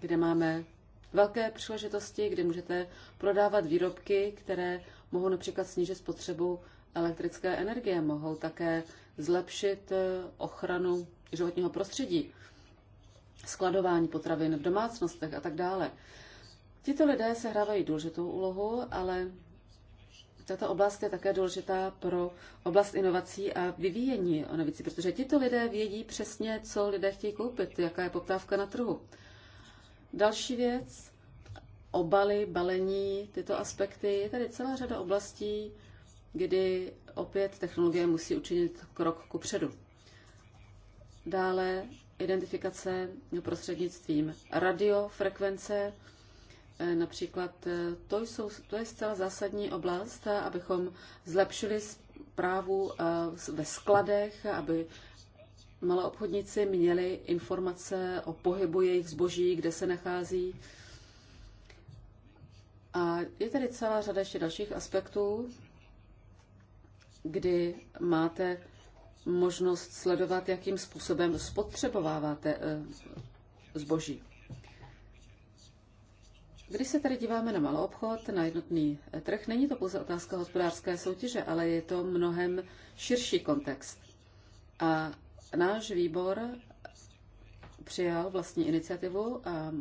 C: kde máme velké příležitosti, kde můžete prodávat výrobky, které mohou například snížit spotřebu elektrické energie, mohou také zlepšit eh, ochranu životního prostředí, skladování potravin v domácnostech a tak dále. Tito lidé se hrávají důležitou úlohu, ale tato oblast je také důležitá pro oblast inovací a vyvíjení navíc, protože tito lidé vědí přesně, co lidé chtějí koupit, jaká je poptávka na trhu. Další věc, obaly, balení, tyto aspekty. Je tady celá řada oblastí, kdy opět technologie musí učinit krok ku předu. Dále identifikace prostřednictvím radiofrekvence, e, například e, to, jsou, to je zcela zásadní oblast, abychom zlepšili zprávu e, ve skladech, aby maloobchodníci měli informace o pohybu jejich zboží, kde se nachází. A je tady celá řada ještě dalších aspektů, kdy máte možnost sledovat, jakým způsobem spotřebováváte eh, zboží. Když se tady díváme na malou obchod, na jednotný eh, trh, není to pouze otázka hospodářské soutěže, ale je to mnohem širší kontext. A Náš výbor přijal vlastní iniciativu a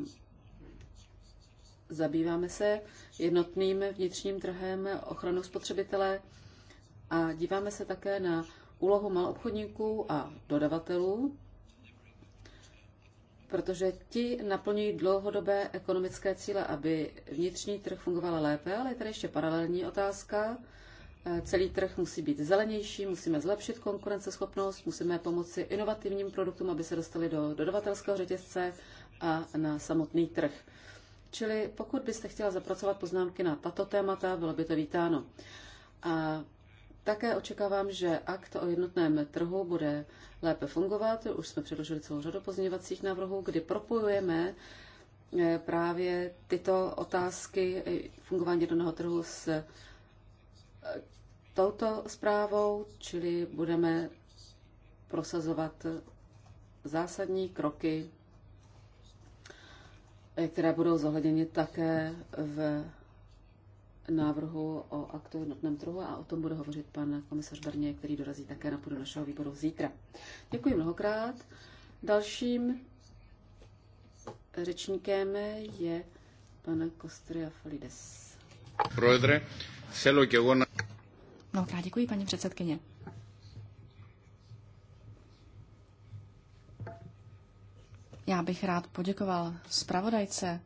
C: zabýváme se jednotným vnitřním trhem, ochranou spotřebitele a díváme se také na úlohu malobchodníků a dodavatelů, protože ti naplňují dlouhodobé ekonomické cíle, aby vnitřní trh fungoval lépe, ale je tady ještě paralelní otázka, Celý trh musí být zelenější, musíme zlepšit konkurenceschopnost, musíme pomoci inovativním produktům, aby se dostali do dodavatelského řetězce a na samotný trh. Čili pokud byste chtěla zapracovat poznámky na tato témata, bylo by to vítáno. A také očekávám, že akt o jednotném trhu bude lépe fungovat. Už jsme předložili celou řadu pozměňovacích návrhů, kdy propojujeme eh, právě tyto otázky eh, fungování jednotného trhu s touto zprávou, čili budeme prosazovat zásadní kroky, eh, které budou zohledněny také v návrhu o aktu jednotném trhu a o tom bude hovořit pan komisař Barnier, který dorazí také na půdu našeho výboru zítra. Děkuji mnohokrát. Dalším řečníkem je pan Kostria
A: Falides. Projedre, selo na... Mnohokrát děkuji, paní předsedkyně. Já bych rád poděkoval zpravodajce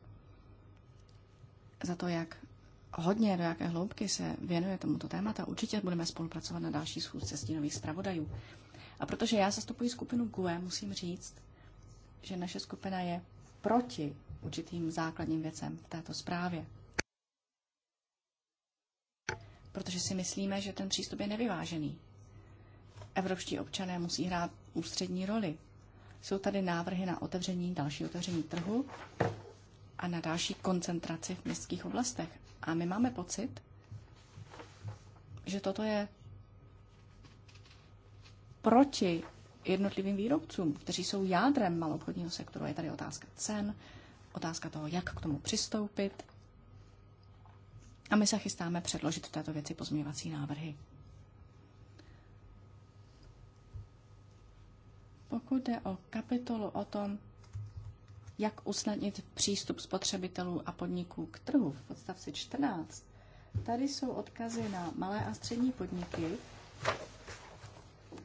A: za to, jak hodně, do jaké hloubky se věnuje tomuto tématu. Určitě budeme spolupracovat na další schůzce stínových zpravodajů. A protože já zastupuji skupinu GUE, musím říct, že naše skupina je proti určitým základním věcem v této zprávě protože si myslíme, že ten přístup je nevyvážený. Evropští občané musí hrát ústřední roli. Jsou tady návrhy na otevření, další otevření trhu a na další koncentraci v městských oblastech. A my máme pocit, že toto je proti jednotlivým výrobcům, kteří jsou jádrem malobchodního sektoru. Je tady otázka cen, otázka toho, jak k tomu přistoupit, a my se chystáme předložit v této věci pozměňovací návrhy. Pokud jde o kapitolu o tom, jak usnadnit přístup spotřebitelů a podniků k trhu v podstavci 14, tady jsou odkazy na malé a střední podniky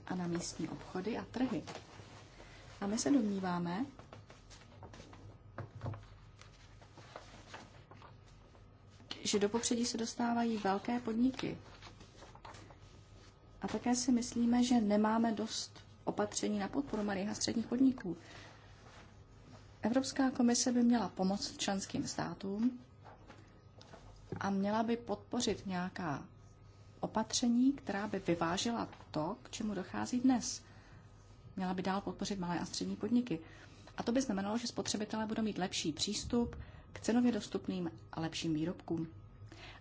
A: a na místní obchody a trhy. A my se domníváme, že do popředí se dostávají velké podniky. A také si myslíme, že nemáme dost opatření na podporu malých a středních podniků. Evropská komise by měla pomoct členským státům a měla by podpořit nějaká opatření, která by vyvážila to, k čemu dochází dnes. Měla by dál podpořit malé a střední podniky. A to by znamenalo, že spotřebitelé budou mít lepší přístup k cenově dostupným a lepším výrobkům.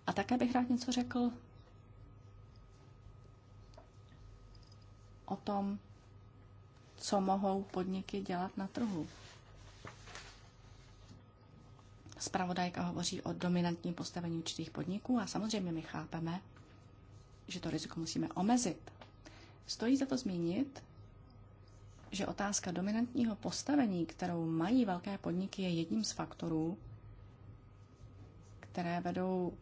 A: A také bych rád něco řekl o tom, co mohou podniky dělat na trhu. Spravodajka hovoří o dominantním postavení určitých podniků a samozřejmě my chápeme, že to riziko musíme omezit. Stojí za to zmínit, že otázka dominantního postavení, kterou mají velké podniky, je jedním z faktorů, které vedou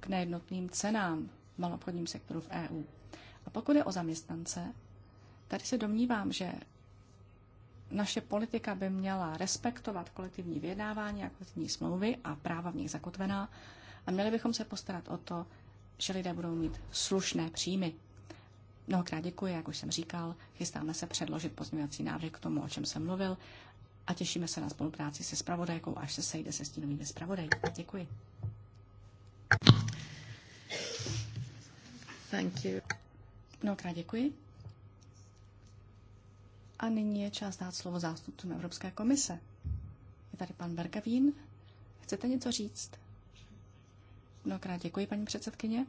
A: k nejednotným cenám v malobchodním sektoru v EU. A pokud je o zaměstnance, tady se domnívám, že naše politika by měla respektovat kolektivní vyjednávání a kolektivní smlouvy a práva v nich zakotvená a měli bychom se postarat o to, že lidé budou mít slušné příjmy. Mnohokrát děkuji, jak už jsem říkal, chystáme se předložit pozměňovací návrh k tomu, o čem jsem mluvil a těšíme se na spolupráci se spravodajkou, až se sejde se stínovými zpravodaji. Děkuji. Thank you. Mnohokrát děkuji. A nyní je čas dát slovo zástupcům Evropské komise. Je tady pan Bergavín. Chcete něco říct? Mnohokrát děkuji, paní předsedkyně.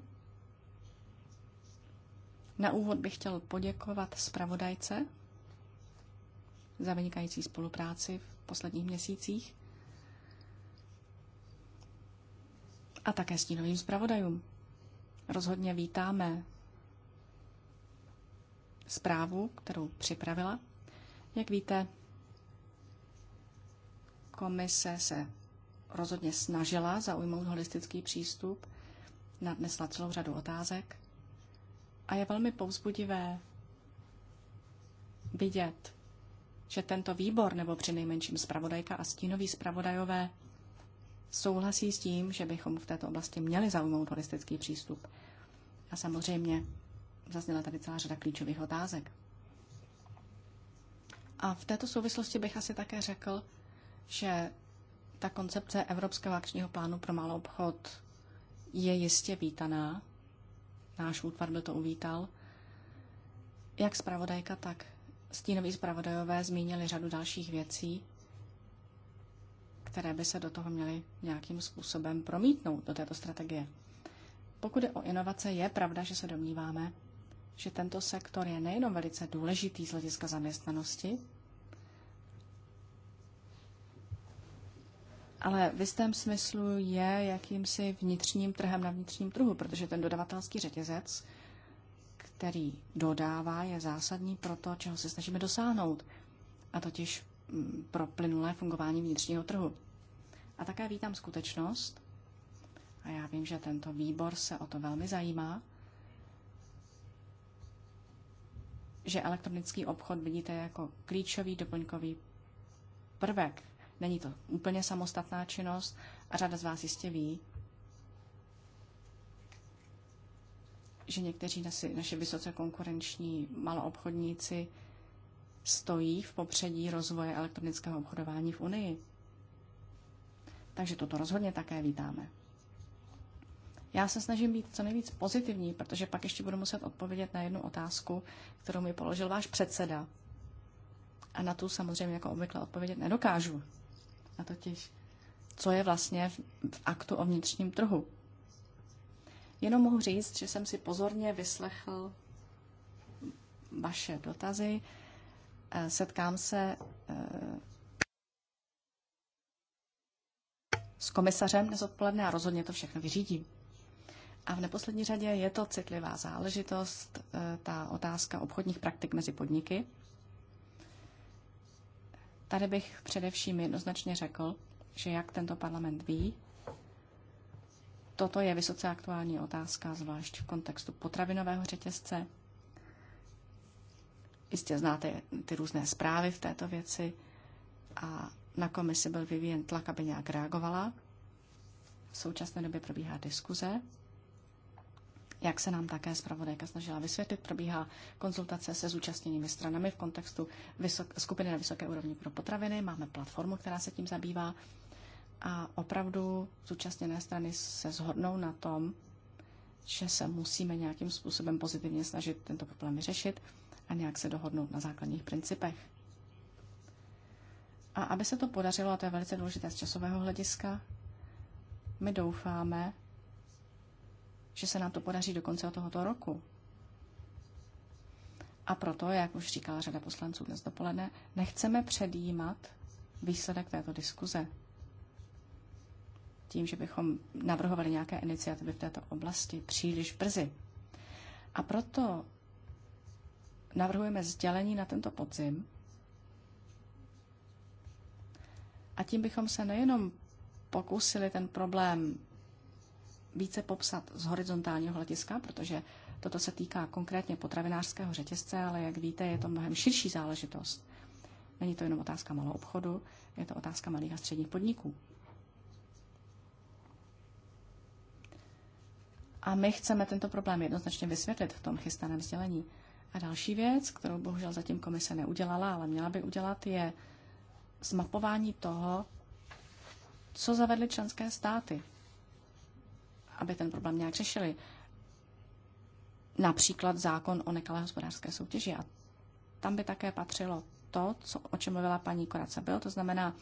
A: Na úvod bych chtěl poděkovat zpravodajce za vynikající spolupráci v posledních měsících a také stínovým zpravodajům. Rozhodně vítáme zprávu, kterou připravila. Jak víte, komise se rozhodně snažila zaujmout holistický přístup, nadnesla celou řadu otázek a je velmi povzbudivé vidět, že tento výbor, nebo přinejmenším zpravodajka a stínoví zpravodajové, souhlasí s tím, že bychom v této oblasti měli zaujmout holistický přístup. A samozřejmě zazněla tady celá řada klíčových otázek. A v této souvislosti bych asi také řekl, že ta koncepce Evropského akčního plánu pro malou obchod je jistě vítaná. Náš útvar by to uvítal. Jak zpravodajka, tak stínoví zpravodajové zmínili řadu dalších věcí, které by se do toho měly nějakým způsobem promítnout do této strategie. Pokud je o inovace, je pravda, že se domníváme, že tento sektor je nejenom velice důležitý z hlediska zaměstnanosti, ale v jistém smyslu je jakýmsi vnitřním trhem na vnitřním trhu, protože ten dodavatelský řetězec, který dodává, je zásadní pro to, čeho se snažíme dosáhnout, a totiž pro plynulé fungování vnitřního trhu. A také vítám skutečnost, a já vím, že tento výbor se o to velmi zajímá, že elektronický obchod vidíte jako klíčový doplňkový prvek. Není to úplně samostatná činnost a řada z vás jistě ví, že někteří naši, naši vysoce konkurenční maloobchodníci stojí v popředí rozvoje elektronického obchodování v Unii. Takže toto rozhodně také vítáme. Já se snažím být co nejvíc pozitivní, protože pak ještě budu muset odpovědět na jednu otázku, kterou mi položil váš předseda. A na tu samozřejmě jako obvykle odpovědět nedokážu. A totiž, co je vlastně v, aktu o vnitřním trhu. Jenom mohu říct, že jsem si pozorně vyslechl vaše dotazy Eh, setkám se eh, s komisařem dnes odpoledne a rozhodně to všechno vyřídím. A v neposlední řadě je to citlivá záležitost, eh, ta otázka obchodních praktik mezi podniky. Tady bych především jednoznačně řekl, že jak tento parlament ví, toto je vysoce aktuální otázka, zvlášť v kontextu potravinového řetězce, Jistě znáte ty různé zprávy v této věci a na komisi byl vyvíjen tlak, aby nějak reagovala. V současné době probíhá diskuze. Jak se nám také zpravodajka snažila vysvětlit, probíhá konzultace se zúčastněnými stranami v kontextu vysok, skupiny na vysoké úrovni pro potraviny. Máme platformu, která se tím zabývá. A opravdu zúčastněné strany se shodnou na tom, že se musíme nějakým způsobem pozitivně snažit tento problém vyřešit a nějak se dohodnout na základních principech. A aby se to podařilo, a to je velice důležité z časového hlediska, my doufáme, že se nám to podaří do konce tohoto roku. A proto, jak už říkala řada poslanců dnes dopoledne, nechceme předjímat výsledek této diskuze. Tím, že bychom navrhovali nějaké iniciativy v této oblasti příliš brzy. A proto navrhujeme sdělení na tento podzim. A tím bychom se nejenom pokusili ten problém více popsat z horizontálního hlediska, protože toto se týká konkrétně potravinářského řetězce, ale jak víte, je to mnohem širší záležitost. Není to jenom otázka malou obchodu, je to otázka malých a středních podniků. A my chceme tento problém jednoznačně vysvětlit v tom chystaném sdělení. A další věc, kterou bohužel zatím komise neudělala, ale měla by udělat, je zmapování toho, co zavedly členské státy, aby ten problém nějak řešili. Například zákon o nekalé hospodářské soutěži. A tam by také patřilo to, co, o čem mluvila paní Korace byl, to znamená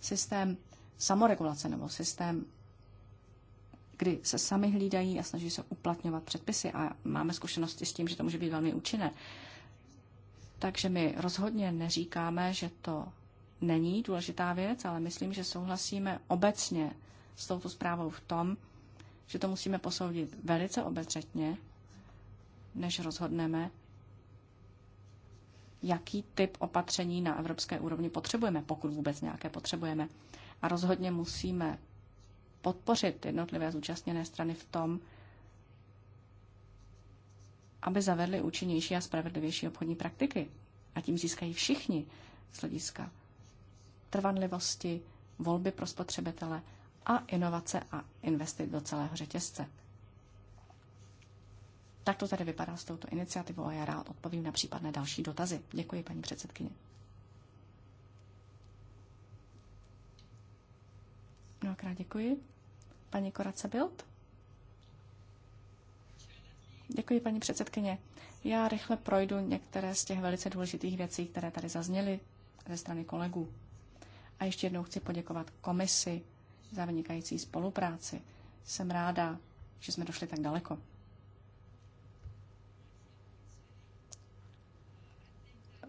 A: systém samoregulace nebo systém kdy se sami hlídají a snaží se uplatňovat předpisy a máme zkušenosti s tím, že to může být velmi účinné. Takže my rozhodně neříkáme, že to není důležitá věc, ale myslím, že souhlasíme obecně s touto zprávou v tom, že to musíme posoudit velice obezřetně, než rozhodneme, jaký typ opatření na evropské úrovni potřebujeme, pokud vůbec nějaké potřebujeme. A rozhodně musíme podpořit jednotlivé zúčastněné strany v tom, aby zavedly účinnější a spravedlivější obchodní praktiky. A tím získají všichni z hlediska trvanlivosti, volby pro spotřebitele a inovace a investit do celého řetězce. Tak to tady vypadá s touto iniciativou a já rád odpovím na případné další dotazy. Děkuji, paní předsedkyně. Mnohokrát děkuji. Paní Korace Bild? Děkuji, paní předsedkyně. Já rychle projdu některé z těch velice důležitých věcí, které tady zazněly ze strany kolegů. A ještě jednou chci poděkovat komisi za vynikající spolupráci. Jsem ráda, že jsme došli tak daleko.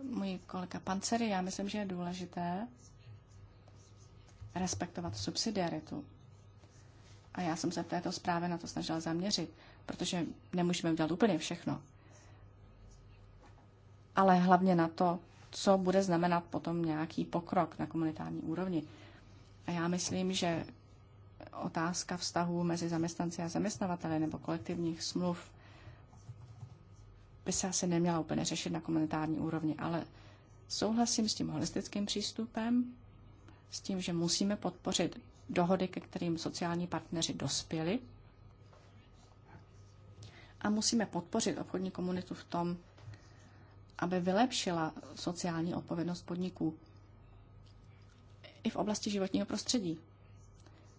A: Můj kolega Panceri, já myslím, že je důležité, respektovat subsidiaritu. A já jsem se v této zprávě na to snažila zaměřit, protože nemůžeme udělat úplně všechno. Ale hlavně na to, co bude znamenat potom nějaký pokrok na komunitární úrovni. A já myslím, že otázka vztahů mezi zaměstnanci a zaměstnavateli nebo kolektivních smluv by se asi neměla úplně řešit na komunitární úrovni, ale souhlasím s tím holistickým přístupem, s tím, že musíme podpořit dohody, ke kterým sociální partneři dospěli a musíme podpořit obchodní komunitu v tom, aby vylepšila sociální odpovědnost podniků i v oblasti životního prostředí.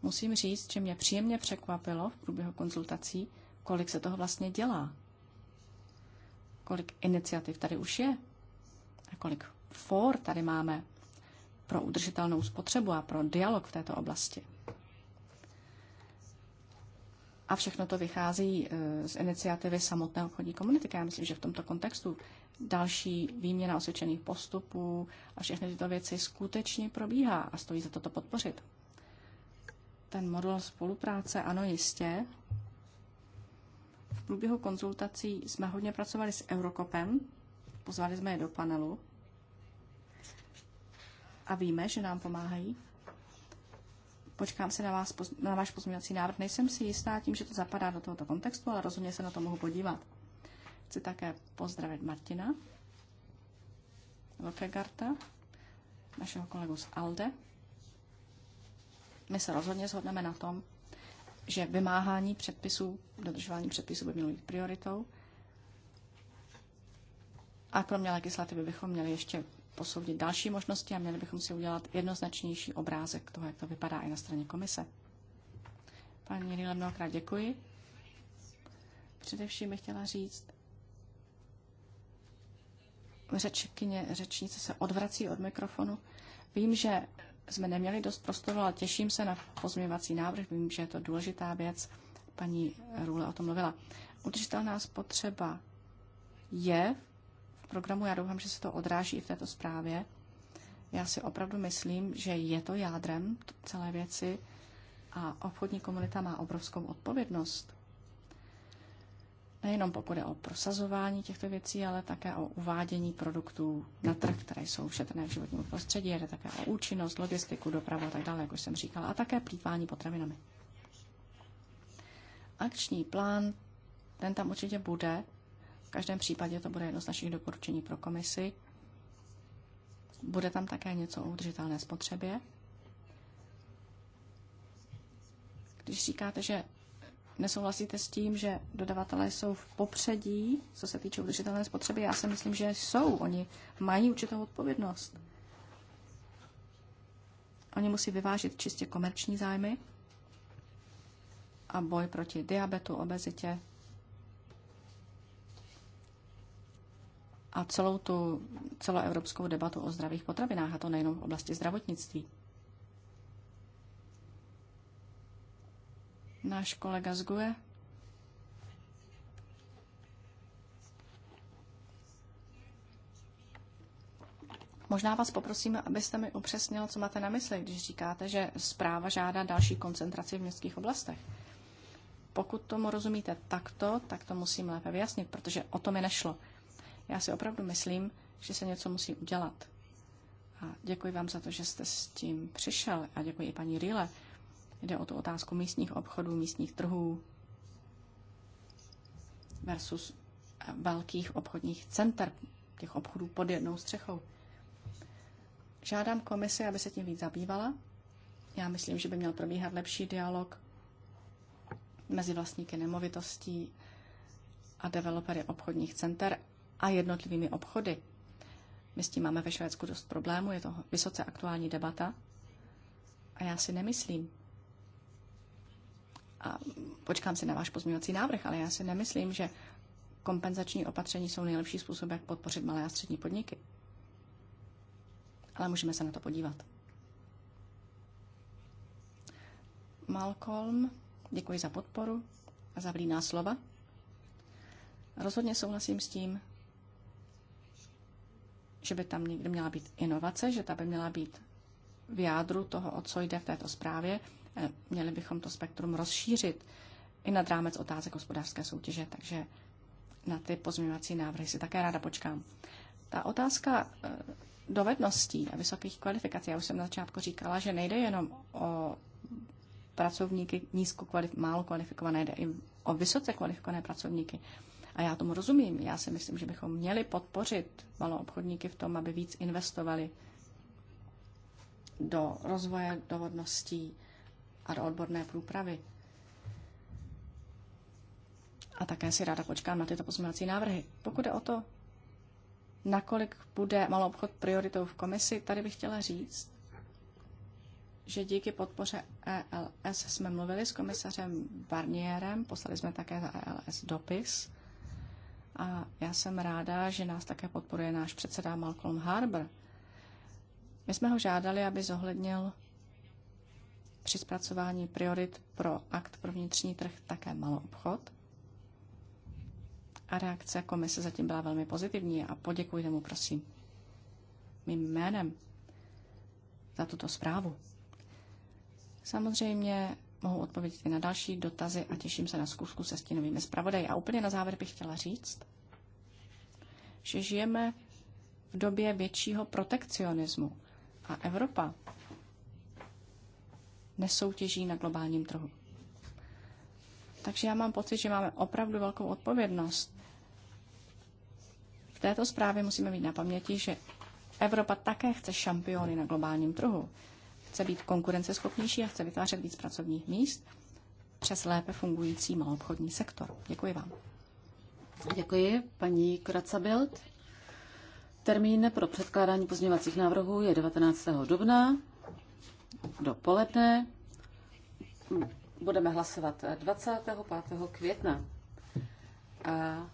A: Musím říct, že mě příjemně překvapilo v průběhu konzultací, kolik se toho vlastně dělá. Kolik iniciativ tady už je a kolik for tady máme pro udržitelnou spotřebu a pro dialog v této oblasti. A všechno to vychází e, z iniciativy samotné obchodní komunity. Já myslím, že v tomto kontextu další výměna osvědčených postupů a všechny tyto věci skutečně probíhá a stojí za toto podpořit. Ten model spolupráce, ano, jistě. V průběhu konzultací jsme hodně pracovali s Eurokopem, pozvali jsme je do panelu a víme, že nám pomáhají. Počkám se na, vás, na váš pozměňovací návrh. Nejsem si jistá tím, že to zapadá do tohoto kontextu, ale rozhodně se na to mohu podívat. Chci také pozdravit Martina Lokegarta, našeho kolegu z ALDE. My se rozhodně shodneme na tom, že vymáhání předpisů, dodržování předpisů by mělo být prioritou. A kromě legislativy bychom měli ještě posoudit další možnosti a měli bychom si udělat jednoznačnější obrázek toho, jak to vypadá i na straně komise. Paní Rýle, mnohokrát děkuji. Především bych chtěla říct, řečkyně, řečnice se odvrací od mikrofonu. Vím, že jsme neměli dost prostoru, ale těším se na pozměvací návrh. Vím, že je to důležitá věc. Paní Rule o tom mluvila. Udržitelná spotřeba je programu. Já doufám, že se to odráží i v této zprávě. Já si opravdu myslím, že je to jádrem celé věci a obchodní komunita má obrovskou odpovědnost. Nejenom pokud je o prosazování těchto věcí, ale také o uvádění produktů na trh, které jsou šetrné v životním prostředí, jde také o účinnost, logistiku, dopravu a tak dále, jak už jsem říkala, a také plítvání potravinami. Akční plán, ten tam určitě bude, každém případě to bude jedno z našich doporučení pro komisi. Bude tam také něco o udržitelné spotřebě. Když říkáte, že nesouhlasíte s tím, že dodavatelé jsou v popředí, co se týče udržitelné spotřeby, já si myslím, že jsou. Oni mají určitou odpovědnost. Oni musí vyvážit čistě komerční zájmy a boj proti diabetu, obezitě, a celou tu celoevropskou debatu o zdravých potravinách, a to nejenom v oblasti zdravotnictví. Náš kolega z GUE. Možná vás poprosím, abyste mi upřesnil, co máte na mysli, když říkáte, že zpráva žádá další koncentraci v městských oblastech. Pokud tomu rozumíte takto, tak to musím lépe vyjasnit, protože o to mi nešlo. Já si opravdu myslím, že se něco musí udělat. A děkuji vám za to, že jste s tím přišel a děkuji i paní Rile. Jde o tu otázku místních obchodů, místních trhů versus eh, velkých obchodních center, těch obchodů pod jednou střechou. Žádám komisi, aby se tím víc zabývala. Já myslím, že by měl probíhat lepší dialog mezi vlastníky nemovitostí a developery obchodních center a jednotlivými obchody. My s tím máme ve Švédsku dost problémů, je to vysoce aktuální debata. A já si nemyslím, a počkám si na váš pozměňovací návrh, ale já si nemyslím, že kompenzační opatření jsou nejlepší způsob, jak podpořit malé a střední podniky. Ale můžeme se na to podívat. Malcolm, děkuji za podporu a za vlíná slova. Rozhodně souhlasím s tím, že by tam někdy měla být inovace, že ta by měla být v jádru toho, o co jde v této zprávě. Eh, měli bychom to spektrum rozšířit i nad rámec otázek hospodářské soutěže, takže na ty pozměňovací návrhy si také ráda počkám. Ta otázka eh, dovedností a vysokých kvalifikací, já už jsem na začátku říkala, že nejde jenom o pracovníky nízko kvalif- málo kvalifikované, jde i o vysoce kvalifikované pracovníky. A já tomu rozumím. Já si myslím, že bychom měli podpořit malou obchodníky v tom, aby víc investovali do rozvoje dovodností a do odborné průpravy. A také si ráda počkám na tyto pozměňovací návrhy. Pokud je o to, nakolik bude malou obchod prioritou v komisi, tady bych chtěla říct, že díky podpoře ELS jsme mluvili s komisařem Barnierem, poslali jsme také za ELS dopis a já jsem ráda, že nás také podporuje náš předseda Malcolm Harbour. My jsme ho žádali, aby zohlednil při zpracování priorit pro akt pro vnitřní trh také malou obchod. A reakce komise zatím byla velmi pozitivní a poděkujte mu, prosím, mým jménem za tuto zprávu. Samozřejmě mohu odpovědět i na další dotazy a těším se na zkusku se stínovými zpravodaji. A úplně na závěr bych chtěla říct, že žijeme v době většího protekcionismu a Evropa nesoutěží na globálním trhu. Takže já mám pocit, že máme opravdu velkou odpovědnost. V této zprávě musíme mít na paměti, že Evropa také chce šampiony na globálním trhu chce být konkurenceschopnější a chce vytvářet víc pracovních míst přes lépe fungující maloobchodní sektor. Děkuji vám. Děkuji, paní
C: Kracabild. Termín pro předkládání pozměňovacích návrhů je 19. dubna do poledne. Budeme hlasovat 25. května. A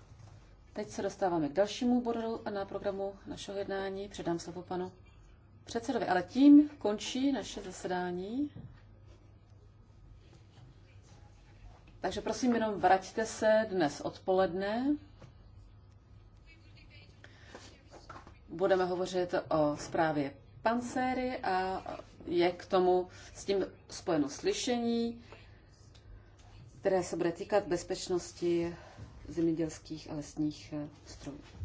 C: teď se dostáváme k dalšímu bodu na programu našeho jednání. Předám slovo panu předsedovi. Ale tím končí naše zasedání. Takže prosím, jenom vraťte se dnes odpoledne. Budeme hovořit o zprávě Pancéry a je k tomu s tím spojeno slyšení, které se bude týkat bezpečnosti zemědělských a lesních strojů.